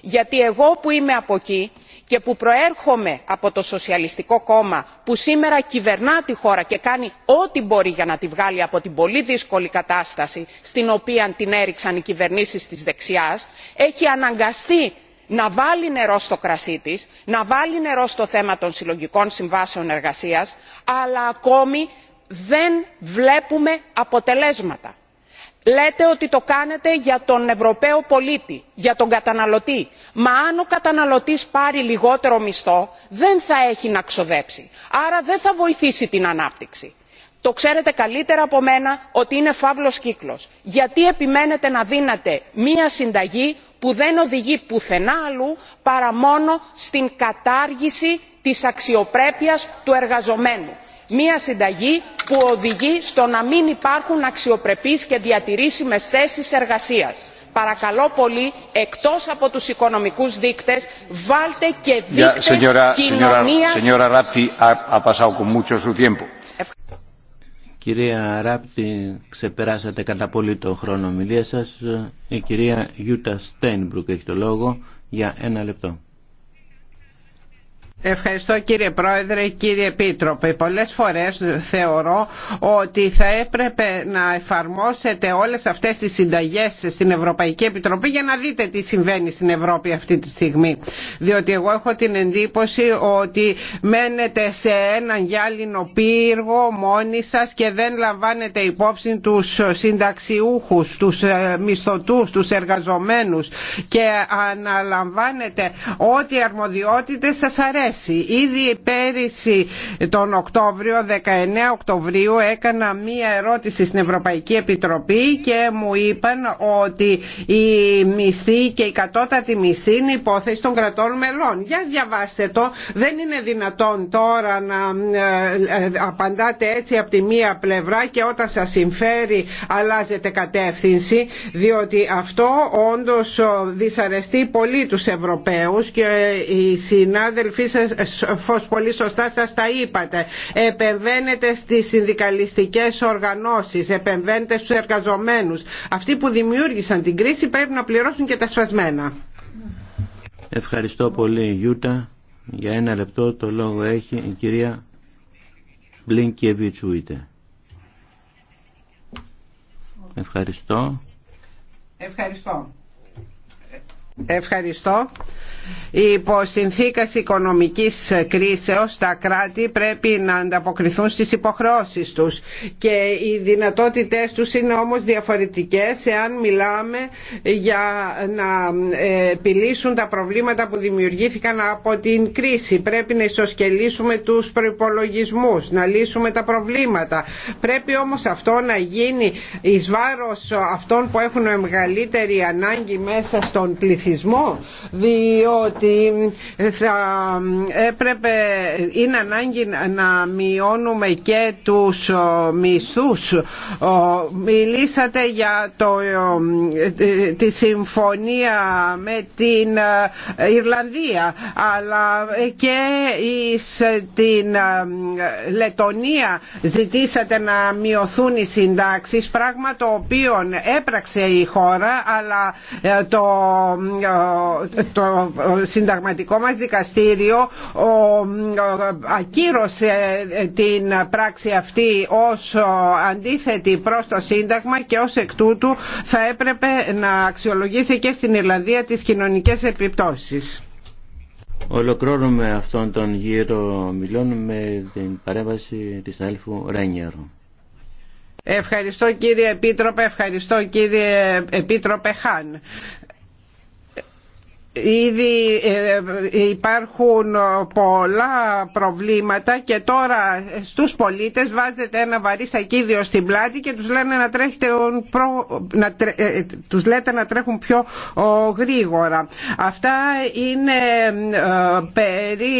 γιατί εγώ που είμαι από εκεί και που προέρχομαι από το σοσιαλιστικό κόμμα που σήμερα κυβερνά τη χώρα και κάνει ό,τι μπορεί για να τη βγάλει από την πολύ δύσκολη κατάσταση στην οποία την έριξαν οι κυβερνήσεις της δεξιάς έχει αναγκαστεί να βάλει νερό στο κρασί της να βάλει νερό στο θέμα των συλλογικών συμβάσεων εργασίας αλλά ακόμη δεν βλέπουμε αποτελέσματα λέτε ότι το κάνετε για τον ευρωπαίο πολίτη για τον καταναλωτή μα αν ο καταναλωτής πάρει λιγότερο μισθό δεν θα έχει να ξοδέψει άρα δεν θα βοηθήσει την ανάπτυξη. το ξέρετε καλύτερα από μένα ότι είναι φαύλος κύκλος. γιατί επιμένετε να δίνετε μια συνταγή που δεν οδηγεί πουθενά αλλού παρά μόνο στην κατάργηση της αξιοπρέπειας του εργαζομένου μια συνταγή που οδηγεί στο να μην υπάρχουν αξιοπρεπείς και διατηρήσιμες θέσεις εργασίας. παρακαλώ πολύ εκτός από τους οικονομικούς δείκτες βάλτε και δείκτες señora, κοινωνίας... Κυρία Ράπτη, ξεπεράσατε κατά πολύ το χρόνο ομιλία σας. Η κυρία Γιούτα Στέινμπρουκ έχει το λόγο για ένα λεπτό. Ευχαριστώ κύριε Πρόεδρε, κύριε Επίτροπε. Πολλές φορές θεωρώ ότι θα έπρεπε να εφαρμόσετε όλες αυτές τις συνταγές στην Ευρωπαϊκή Επιτροπή για να δείτε τι συμβαίνει στην Ευρώπη αυτή τη στιγμή. Διότι εγώ έχω την εντύπωση ότι μένετε σε έναν γυάλινο πύργο μόνοι σας και δεν λαμβάνετε υπόψη τους συνταξιούχους, τους ε, μισθωτούς, τους εργαζομένους και αναλαμβάνετε ό,τι αρμοδιότητες σας αρέσει Ήδη πέρυσι τον Οκτώβριο, 19 Οκτωβρίου, έκανα μία ερώτηση στην Ευρωπαϊκή Επιτροπή και μου είπαν ότι η μισθή και η κατώτατη μισθή είναι υπόθεση των κρατών μελών. Για διαβάστε το. Δεν είναι δυνατόν τώρα να ε, ε, απαντάτε έτσι από τη μία πλευρά και όταν σας συμφέρει αλλάζετε κατεύθυνση, διότι αυτό όντως ε, δυσαρεστεί πολύ τους Ευρωπαίους και οι συνάδελφοί ε, ε, πολύ σωστά σας τα είπατε. Επεμβαίνετε στις συνδικαλιστικές οργανώσεις, επεμβαίνετε στους εργαζομένους. Αυτοί που δημιούργησαν την κρίση πρέπει να πληρώσουν και τα σφασμένα. Ευχαριστώ πολύ Γιούτα. Για ένα λεπτό το λόγο έχει η κυρία Βλίνκεβιτσουίτε Ευχαριστώ. Ευχαριστώ. Ευχαριστώ. Υπό συνθήκας οικονομικής κρίσεως τα κράτη πρέπει να ανταποκριθούν στις υποχρεώσεις τους και οι δυνατότητές τους είναι όμως διαφορετικές εάν μιλάμε για να ε, επιλύσουν τα προβλήματα που δημιουργήθηκαν από την κρίση. Πρέπει να ισοσκελίσουμε τους προπολογισμού, να λύσουμε τα προβλήματα. Πρέπει όμως αυτό να γίνει εις βάρος αυτών που έχουν μεγαλύτερη ανάγκη μέσα στον πληθυσμό, διότι ότι θα έπρεπε, είναι ανάγκη να μειώνουμε και τους μισθούς. Μιλήσατε για το, τη συμφωνία με την ε, Ιρλανδία αλλά και στην ε, Λετωνία ζητήσατε να μειωθούν οι συντάξεις πράγμα το οποίο έπραξε η χώρα αλλά ε, το συνταγματικό μας δικαστήριο ακύρωσε την πράξη αυτή ως αντίθετη προς το Σύνταγμα και ως εκ τούτου θα έπρεπε να αξιολογήσει και στην Ιρλανδία τις κοινωνικές επιπτώσεις. Ολοκλώνουμε αυτόν τον γύρο μιλών με την παρέμβαση της αδέλφου Ρένιερ. Ευχαριστώ κύριε Επίτροπε, ευχαριστώ κύριε Επίτροπε Χάν. Ήδη ε, υπάρχουν πολλά προβλήματα και τώρα στους πολίτες βάζετε ένα βαρύ σακίδιο στην πλάτη και τους, λένε να τρέχετε, να ε, τους λέτε να τρέχουν πιο γρήγορα. Αυτά είναι ε, περί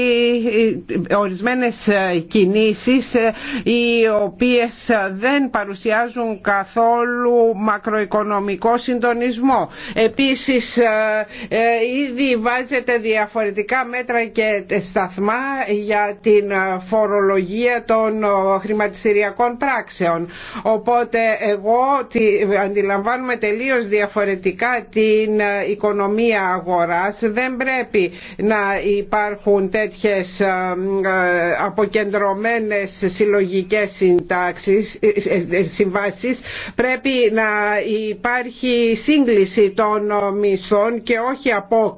ορισμένες κινήσεις οι οποίες δεν παρουσιάζουν καθόλου μακροοικονομικό συντονισμό. Επίσης ήδη βάζετε διαφορετικά μέτρα και σταθμά για την φορολογία των χρηματιστηριακών πράξεων. Οπότε εγώ αντιλαμβάνουμε τελείως διαφορετικά την οικονομία αγοράς. Δεν πρέπει να υπάρχουν τέτοιες ε, αποκεντρωμένες συλλογικές συντάξεις, ε, ε, συμβάσεις. Πρέπει να υπάρχει σύγκληση των μισθών και όχι από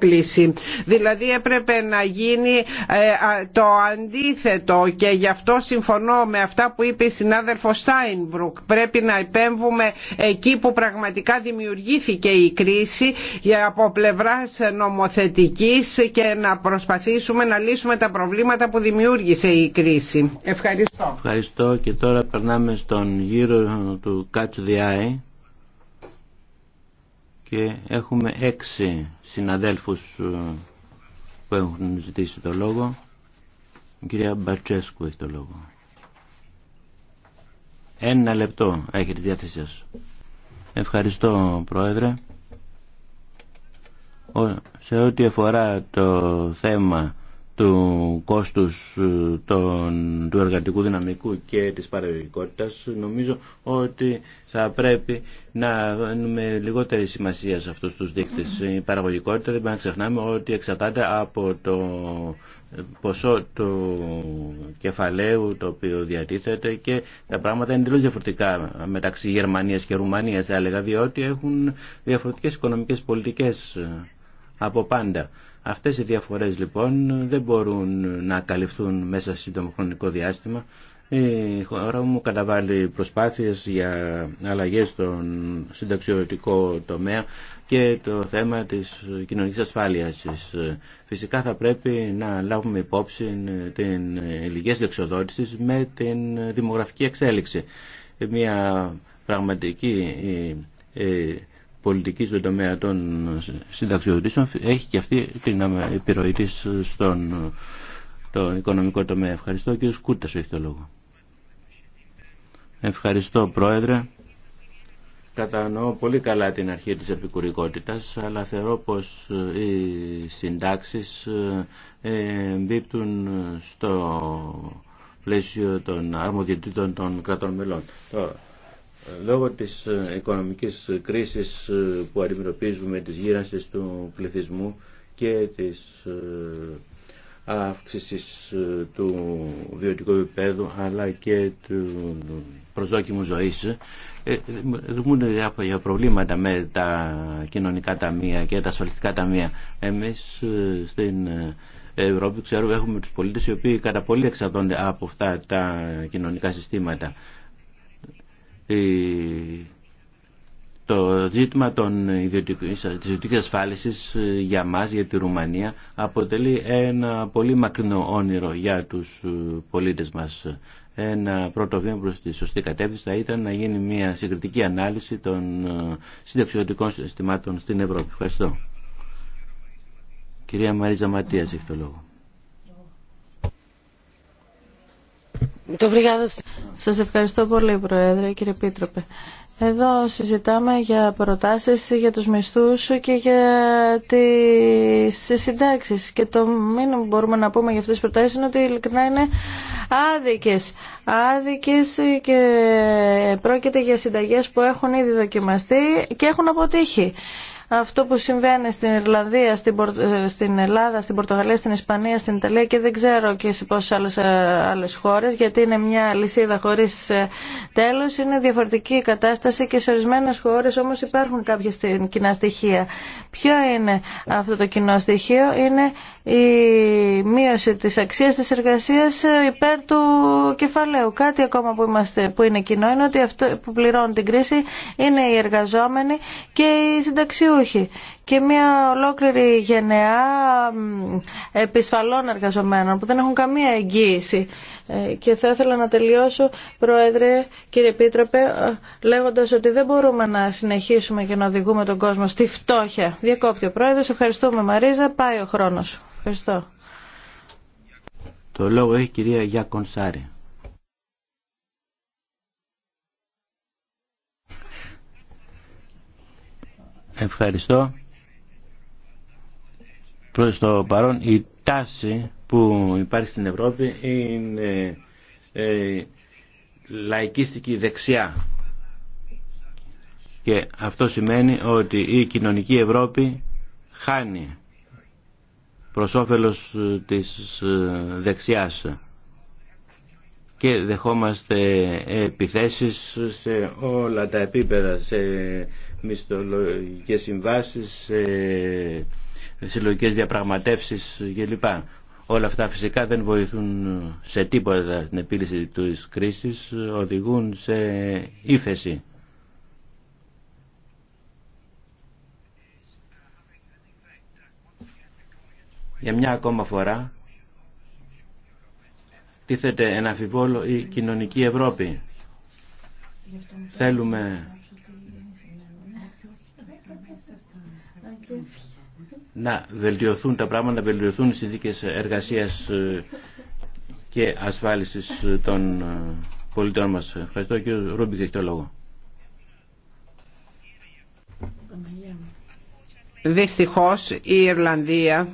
Δηλαδή έπρεπε να γίνει ε, το αντίθετο και γι' αυτό συμφωνώ με αυτά που είπε η συνάδελφο Στάινμπρουκ. Πρέπει να επέμβουμε εκεί που πραγματικά δημιουργήθηκε η κρίση από πλευρά νομοθετική και να προσπαθήσουμε να λύσουμε τα προβλήματα που δημιούργησε η κρίση. Ευχαριστώ. Ευχαριστώ και τώρα περνάμε στον γύρο του Κάτσου και έχουμε έξι συναδέλφους ε, που έχουν ζητήσει το λόγο. Η κυρία Μπατσέσκου έχει το λόγο. Ένα λεπτό έχει τη διάθεσή σας. Ευχαριστώ Πρόεδρε. Σε ό,τι αφορά το θέμα του κόστους ε, του εργατικού δυναμικού και της παραγωγικότητας νομίζω ότι θα πρέπει να δίνουμε λιγότερη σημασία σε αυτούς τους δείκτες. Η παραγωγικότητα δεν πρέπει να ξεχνάμε ότι εξαρτάται από το ποσό του κεφαλαίου το οποίο διατίθεται και τα πράγματα είναι τελείως διαφορετικά μεταξύ Γερμανίας και Ρουμανίας θα έλεγα διότι έχουν διαφορετικές οικονομικές πολιτικές ε, από πάντα. Αυτές οι διαφορές λοιπόν δεν μπορούν να καλυφθούν μέσα σε σύντομο χρονικό διάστημα. Η χώρα μου καταβάλει προσπάθειες για αλλαγές στον συνταξιωτικό τομέα και το θέμα της κοινωνικής ασφάλειας. Φυσικά θα πρέπει να λάβουμε υπόψη την ηλικία συνταξιοδότηση με την δημογραφική εξέλιξη. Μια πραγματική πολιτική στον τομέα των συνταξιοδοτήσεων έχει και αυτή την επιρροή τη στον το οικονομικό τομέα. Ευχαριστώ. Ο κ. Κούρτας έχει το λόγο. Ευχαριστώ Πρόεδρε. Κατανοώ πολύ καλά την αρχή της επικουρικότητας, αλλά θεωρώ πως οι συντάξεις ε, εμπίπτουν στο πλαίσιο των αρμοδιοτήτων των κρατών μελών. Λόγω της ε, οικονομικής ε, κρίσης ε, που αντιμετωπίζουμε της γύρανσης του πληθυσμού και της αύξησης του βιωτικού επίπεδου αλλά και του προσδόκιμου ζωής δημιουργούν διάφορα προβλήματα με τα κοινωνικά ταμεία και τα ασφαλιστικά ταμεία. Εμείς στην Ευρώπη ξέρουμε έχουμε τους πολίτες οι οποίοι κατά πολύ εξαρτώνται από αυτά τα κοινωνικά συστήματα το ζήτημα των ιδιωτικών της ιδιωτικής ασφάλισης ε, για μας, για τη Ρουμανία, αποτελεί ένα πολύ μακρινό όνειρο για τους ε, πολίτες μας. Ένα πρώτο βήμα προς τη σωστή κατεύθυνση θα ήταν να γίνει μια συγκριτική ανάλυση των ε, συνταξιδοτικών συστημάτων στην Ευρώπη. Ευχαριστώ. Κυρία Μαρίζα Ματίας έχει το λόγο. Σας ευχαριστώ πολύ, Πρόεδρε, κύριε Πίτροπε. Εδώ συζητάμε για προτάσεις για τους μισθούς και για τις συντάξεις και το μήνυμα που μπορούμε να πούμε για αυτές τις προτάσεις είναι ότι ειλικρινά είναι άδικες. Άδικες και πρόκειται για συνταγές που έχουν ήδη δοκιμαστεί και έχουν αποτύχει αυτό που συμβαίνει στην Ιρλανδία, στην, ε, στην Ελλάδα, στην Πορτογαλία, στην Ισπανία, στην Ιταλία και δεν ξέρω και σε πόσες άλλες, ε, άλλες χώρες γιατί είναι μια λυσίδα χωρίς ε, τέλος. Είναι διαφορετική η κατάσταση και σε ορισμένε χώρες όμως υπάρχουν κάποια κοινά στοιχεία. Ποιο είναι αυτό το κοινό στοιχείο είναι η μείωση της αξίας της εργασίας υπέρ του κεφαλαίου. Κάτι ακόμα που, είμαστε, που είναι κοινό είναι ότι αυτό που πληρώνουν την κρίση είναι οι εργαζόμενοι και οι συνταξιούχοι και μια ολόκληρη γενεά επισφαλών εργαζομένων που δεν έχουν καμία εγγύηση. Ε, και θα ήθελα να τελειώσω, Πρόεδρε, κύριε Επίτροπε, ε, λέγοντας ότι δεν μπορούμε να συνεχίσουμε και να οδηγούμε τον κόσμο στη φτώχεια. Διακόπτει ο Πρόεδρος. Ευχαριστούμε, Μαρίζα. Πάει ο χρόνος. Ευχαριστώ. Το λόγο έχει κυρία Γιάκον Ευχαριστώ. Προς το παρόν η τάση που υπάρχει στην Ευρώπη είναι ε, λαϊκίστικη δεξιά. Και αυτό σημαίνει ότι η κοινωνική Ευρώπη χάνει προς όφελος ε, της ε, δεξιάς και δεχόμαστε επιθέσεις σε όλα τα επίπεδα, σε μισθολογικές συμβάσεις, σε συλλογικές διαπραγματεύσεις κλπ. Όλα αυτά φυσικά δεν βοηθούν σε τίποτα την επίλυση της κρίσης, οδηγούν σε ύφεση. Για μια ακόμα φορά τίθεται ένα αφιβόλο η κοινωνική Ευρώπη. Θέλουμε να βελτιωθούν τα πράγματα, να βελτιωθούν οι συνθήκες εργασίας ε, και ασφάλισης ε, των ε, πολιτών μας. Ευχαριστώ κύριο Ρούμπικ, έχει το λόγο. Δυστυχώς η Ιρλανδία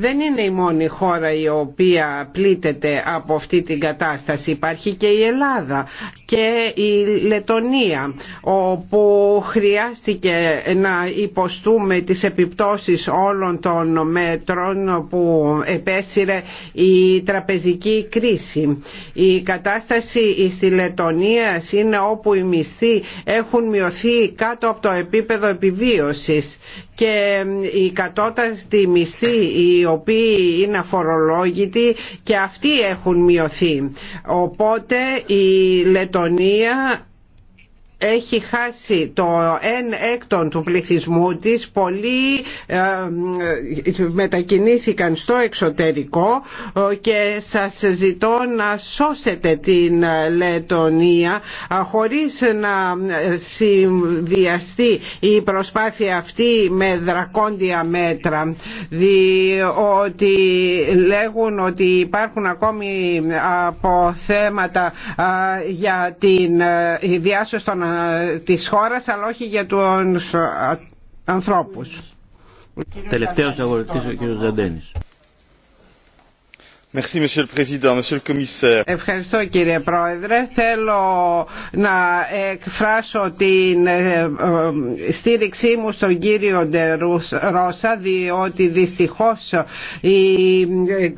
δεν είναι η μόνη χώρα η οποία πλήττεται από αυτή την κατάσταση. Υπάρχει και η Ελλάδα και η Λετωνία όπου χρειάστηκε να υποστούμε τις επιπτώσεις όλων των μέτρων που επέσυρε η τραπεζική κρίση. Η κατάσταση στη Λετωνία είναι όπου οι μισθοί έχουν μειωθεί κάτω από το επίπεδο επιβίωσης και οι κατώτατοι μισθοί οι οποίοι είναι αφορολόγητοι και αυτοί έχουν μειωθεί. Οπότε η Λετωνία έχει χάσει το 1 έκτον του πληθυσμού της πολλοί ε, μετακινήθηκαν στο εξωτερικό ε, και σας ζητώ να σώσετε την Λετωνία ε, χωρίς να συνδυαστεί η προσπάθεια αυτή με δρακόντια μέτρα διότι λέγουν ότι υπάρχουν ακόμη αποθέματα για την διάσωση των της χώρας αλλά όχι για τους ε, ανθρώπους. Τελευταίος και ο κ. Ζαντένης. Ευχαριστώ κύριε Πρόεδρε. Θέλω να εκφράσω την ε, ε, στήριξή μου στον κύριο Ρώσα διότι δυστυχώς οι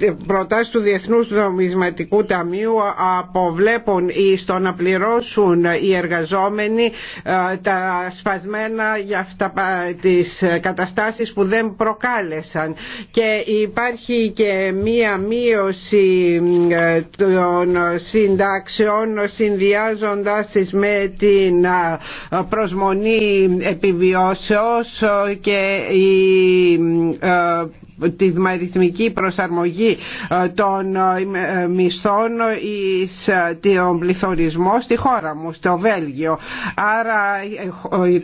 ε, προτάσεις του Διεθνούς Νομισματικού Ταμείου αποβλέπουν στο να πληρώσουν οι εργαζόμενοι τα σπασμένα για αυτά, τις καταστάσεις που δεν προκάλεσαν και υπάρχει και μία μείωση μείωση ε, των συντάξεων συνδυάζοντα τις με την ε, προσμονή επιβιώσεως και η ε, τη μαριθμική προσαρμογή ε, των ε, ε, μισθών ή τον πληθωρισμό στη χώρα μου, στο Βέλγιο. Άρα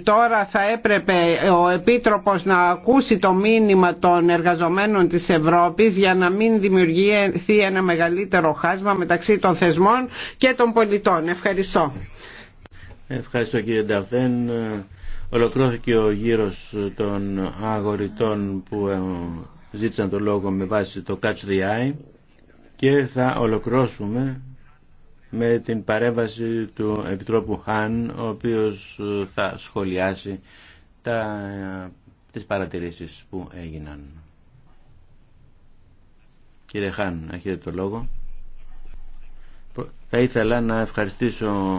τώρα θα έπρεπε ο Επίτροπος να ακούσει το μήνυμα των εργαζομένων της Ευρώπης για να μην δημιουργηθεί ένα μεγαλύτερο χάσμα μεταξύ των θεσμών και των πολιτών. Ευχαριστώ. Ευχαριστώ κύριε Νταρθέν. Ολοκλώθηκε ο γύρος των αγοριτών που ζήτησαν το λόγο με βάση το Catch the Eye και θα ολοκληρώσουμε με την παρέμβαση του Επιτρόπου Χάν, ο οποίος ε, θα σχολιάσει τα, ε, τις παρατηρήσεις που έγιναν. Κύριε Χάν, έχετε το λόγο. Θα ήθελα να ευχαριστήσω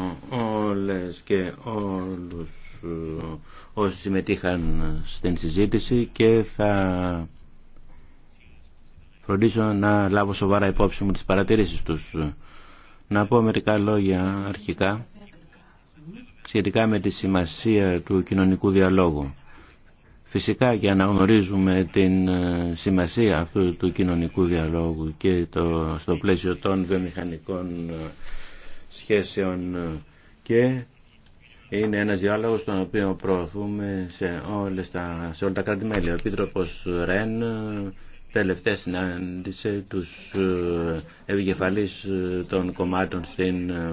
όλες και όλους ε, όσοι συμμετείχαν στην συζήτηση και θα φροντίσω να λάβω σοβαρά υπόψη μου τις παρατηρήσεις τους. Να πω μερικά λόγια αρχικά σχετικά με τη σημασία του κοινωνικού διαλόγου. Φυσικά και αναγνωρίζουμε την ε, σημασία αυτού του κοινωνικού διαλόγου και το, στο πλαίσιο των βιομηχανικών ε, σχέσεων ε, και είναι ένας διάλογος τον οποίο προωθούμε σε, όλες τα, σε όλα τα κράτη-μέλη. Ο Επίτροπος Ρεν τελευταία συνάντησε τους ευγεφαλείς ε, των κομμάτων στην ε,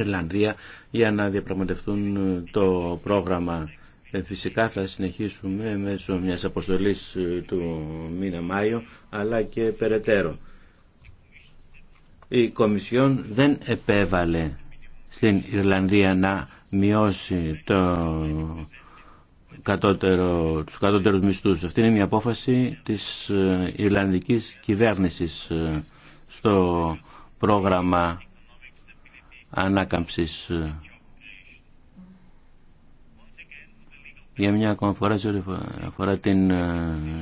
Ιρλανδία για να διαπραγματευτούν ε, το πρόγραμμα. Φυσικά θα συνεχίσουμε μέσω μιας αποστολής του μήνα Μάιο αλλά και περαιτέρω. Η Κομισιόν δεν επέβαλε στην Ιρλανδία να μειώσει το κατώτερο, τους κατώτερους μισθούς. Αυτή είναι μια απόφαση της ε, Ιρλανδικής κυβέρνησης ε, στο πρόγραμμα ανάκαμψης για μια ακόμα φορά σε αφορά την ε,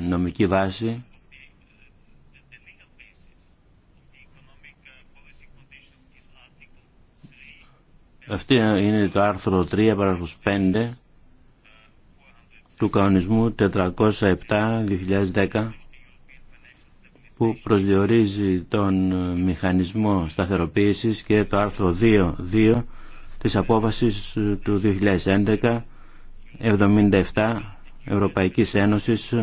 νομική βάση αυτή είναι το άρθρο 3 παράγραφος 5 του κανονισμού 407-2010 που προσδιορίζει τον μηχανισμό σταθεροποίησης και το άρθρο 2.2 της απόφασης του 2011 77 Ευρωπαϊκής Ένωσης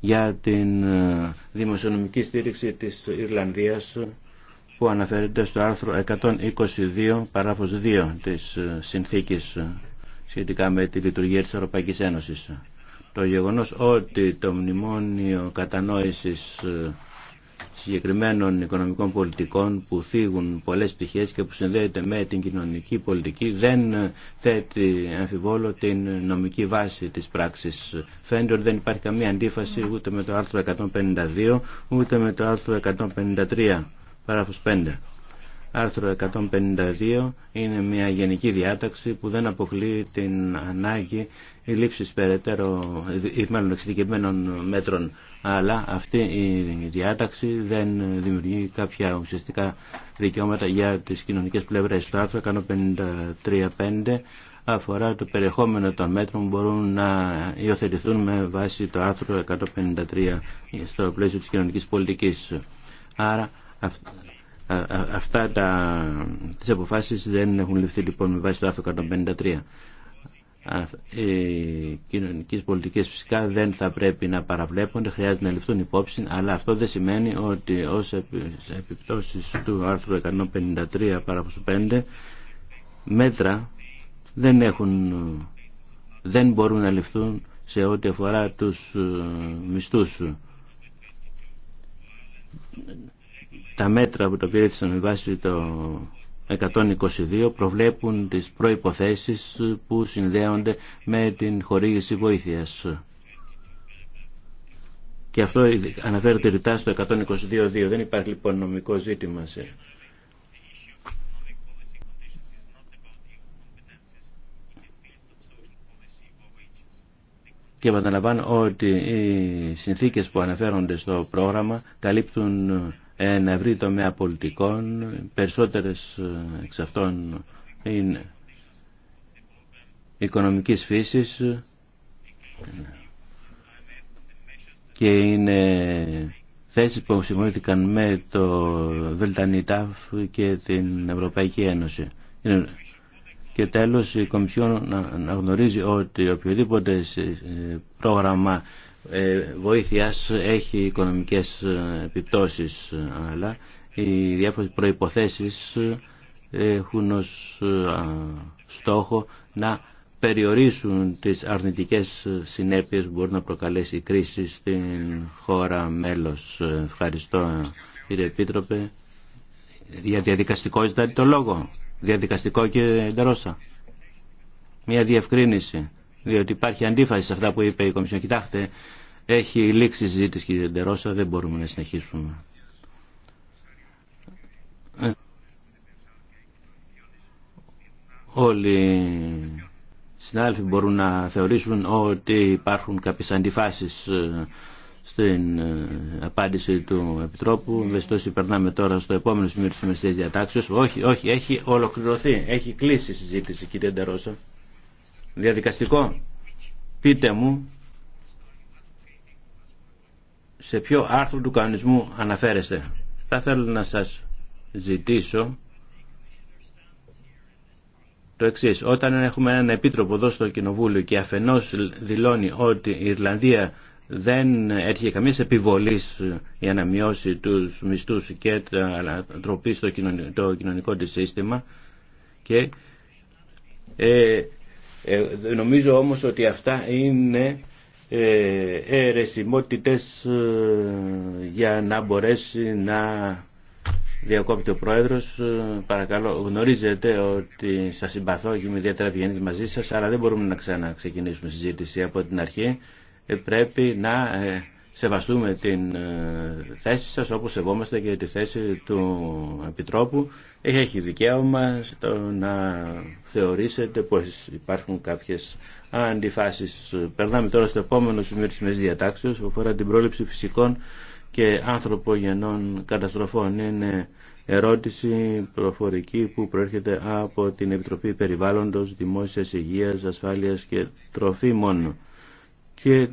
για την ε, δημοσιονομική στήριξη της Ιρλανδίας που αναφέρεται στο άρθρο 122 παράφος 2 της ε, συνθήκης σχετικά με τη λειτουργία της Ευρωπαϊκής Ένωσης. Το γεγονός ότι το μνημόνιο κατανόησης ε, συγκεκριμένων οικονομικών πολιτικών που θίγουν πολλές πτυχές και που συνδέεται με την κοινωνική πολιτική δεν ε, θέτει αμφιβόλο την νομική βάση της πράξης. Φαίνεται ότι δεν υπάρχει καμία αντίφαση ούτε με το άρθρο 152 ούτε με το άρθρο 153 παράγραφος 5. Άρθρο 152 είναι μια γενική διάταξη που δεν αποκλεί την ανάγκη λήψης περαιτέρω ή μάλλον εξειδικευμένων μέτρων. Αλλά αυτή η διάταξη δεν δημιουργεί κάποια ουσιαστικά δικαιώματα για τις κοινωνικές πλευρές. Το άρθρο 153.5 αφορά το περιεχόμενο των μέτρων που μπορούν να υιοθετηθούν με βάση το άρθρο 153 στο πλαίσιο της κοινωνικής πολιτικής. Άρα αυτά τα, τις αποφάσεις δεν έχουν ληφθεί λοιπόν με βάση το άρθρο 153. Οι κοινωνικέ πολιτικές φυσικά δεν θα πρέπει να παραβλέπονται, χρειάζεται να ληφθούν υπόψη, αλλά αυτό δεν σημαίνει ότι ως επιπτώσεις του άρθρου 153 του 5 μέτρα δεν, έχουν, δεν μπορούν να ληφθούν σε ό,τι αφορά τους ε, μισθούς τα μέτρα που το πήρε με βάση το 122 προβλέπουν τις προϋποθέσεις που συνδέονται με την χορήγηση βοήθειας. Και αυτό αναφέρεται ρητά στο 122.2. Δεν υπάρχει λοιπόν νομικό ζήτημα. Σε... Και επαναλαμβάνω ότι οι συνθήκες που αναφέρονται στο πρόγραμμα καλύπτουν ένα ευρύ τομέα πολιτικών, περισσότερες ε, εξ αυτών είναι οικονομικής φύσης και είναι θέσεις που συμφωνήθηκαν με το ΔΕΛΤΑΝΙΤΑΦ και την Ευρωπαϊκή Ένωση. Και τέλος η Κομισιόν να γνωρίζει ότι οποιοδήποτε ε, πρόγραμμα ε, βοήθειας έχει οικονομικές ε, επιπτώσεις ε, αλλά οι διάφορες προϋποθέσεις έχουν ως στόχο να περιορίσουν τις αρνητικές συνέπειες που μπορεί να προκαλέσει η κρίση στην χώρα μέλος. Ευχαριστώ κύριε Επίτροπε. Για διαδικαστικό ζητάτε το λόγο. Διαδικαστικό και Ντερόσα. Μια διευκρίνηση διότι υπάρχει αντίφαση σε αυτά που είπε η Κομισιόν. Κοιτάξτε, έχει λήξει η συζήτηση κύριε Ντερόσα, δεν μπορούμε να συνεχίσουμε. Όλοι οι συνάδελφοι μπορούν να θεωρήσουν ότι υπάρχουν κάποιες αντιφάσεις ε, στην ε, απάντηση του Επιτρόπου. Μεστόση περνάμε τώρα στο επόμενο σημείο της Μεσητής Διατάξεως. Όχι, όχι, έχει ολοκληρωθεί, έχει κλείσει η συζήτηση κύριε Ντερόσα διαδικαστικό. Πείτε μου σε ποιο άρθρο του κανονισμού αναφέρεστε. Θα θέλω να σας ζητήσω το εξή. Όταν έχουμε έναν επίτροπο εδώ στο Κοινοβούλιο και αφενός δηλώνει ότι η Ιρλανδία δεν έρχεται καμία επιβολή για να μειώσει του μισθού και τα τροπή στο κοινωνικό, το κοινωνικό τη σύστημα και ε, ε, νομίζω όμως ότι αυτά είναι ε, αιρεσιμότητες ε, για να μπορέσει να διακόπτει ο Πρόεδρος. Παρακαλώ, γνωρίζετε ότι σας συμπαθώ και είμαι ιδιαίτερα ευγενής μαζί σας, αλλά δεν μπορούμε να ξαναξεκινήσουμε συζήτηση από την αρχή. Πρέπει να σεβαστούμε την ε, θέση σας όπως σεβόμαστε και τη θέση του Επιτρόπου έχει δικαίωμα στο να θεωρήσετε πως υπάρχουν κάποιες αντιφάσεις. Περνάμε τώρα στο επόμενο σημείο της μέσης διατάξεως που αφορά την πρόληψη φυσικών και ανθρωπογενών καταστροφών. Είναι ερώτηση προφορική που προέρχεται από την Επιτροπή Περιβάλλοντος, Δημόσιας Υγείας, Ασφάλειας και Τροφή Και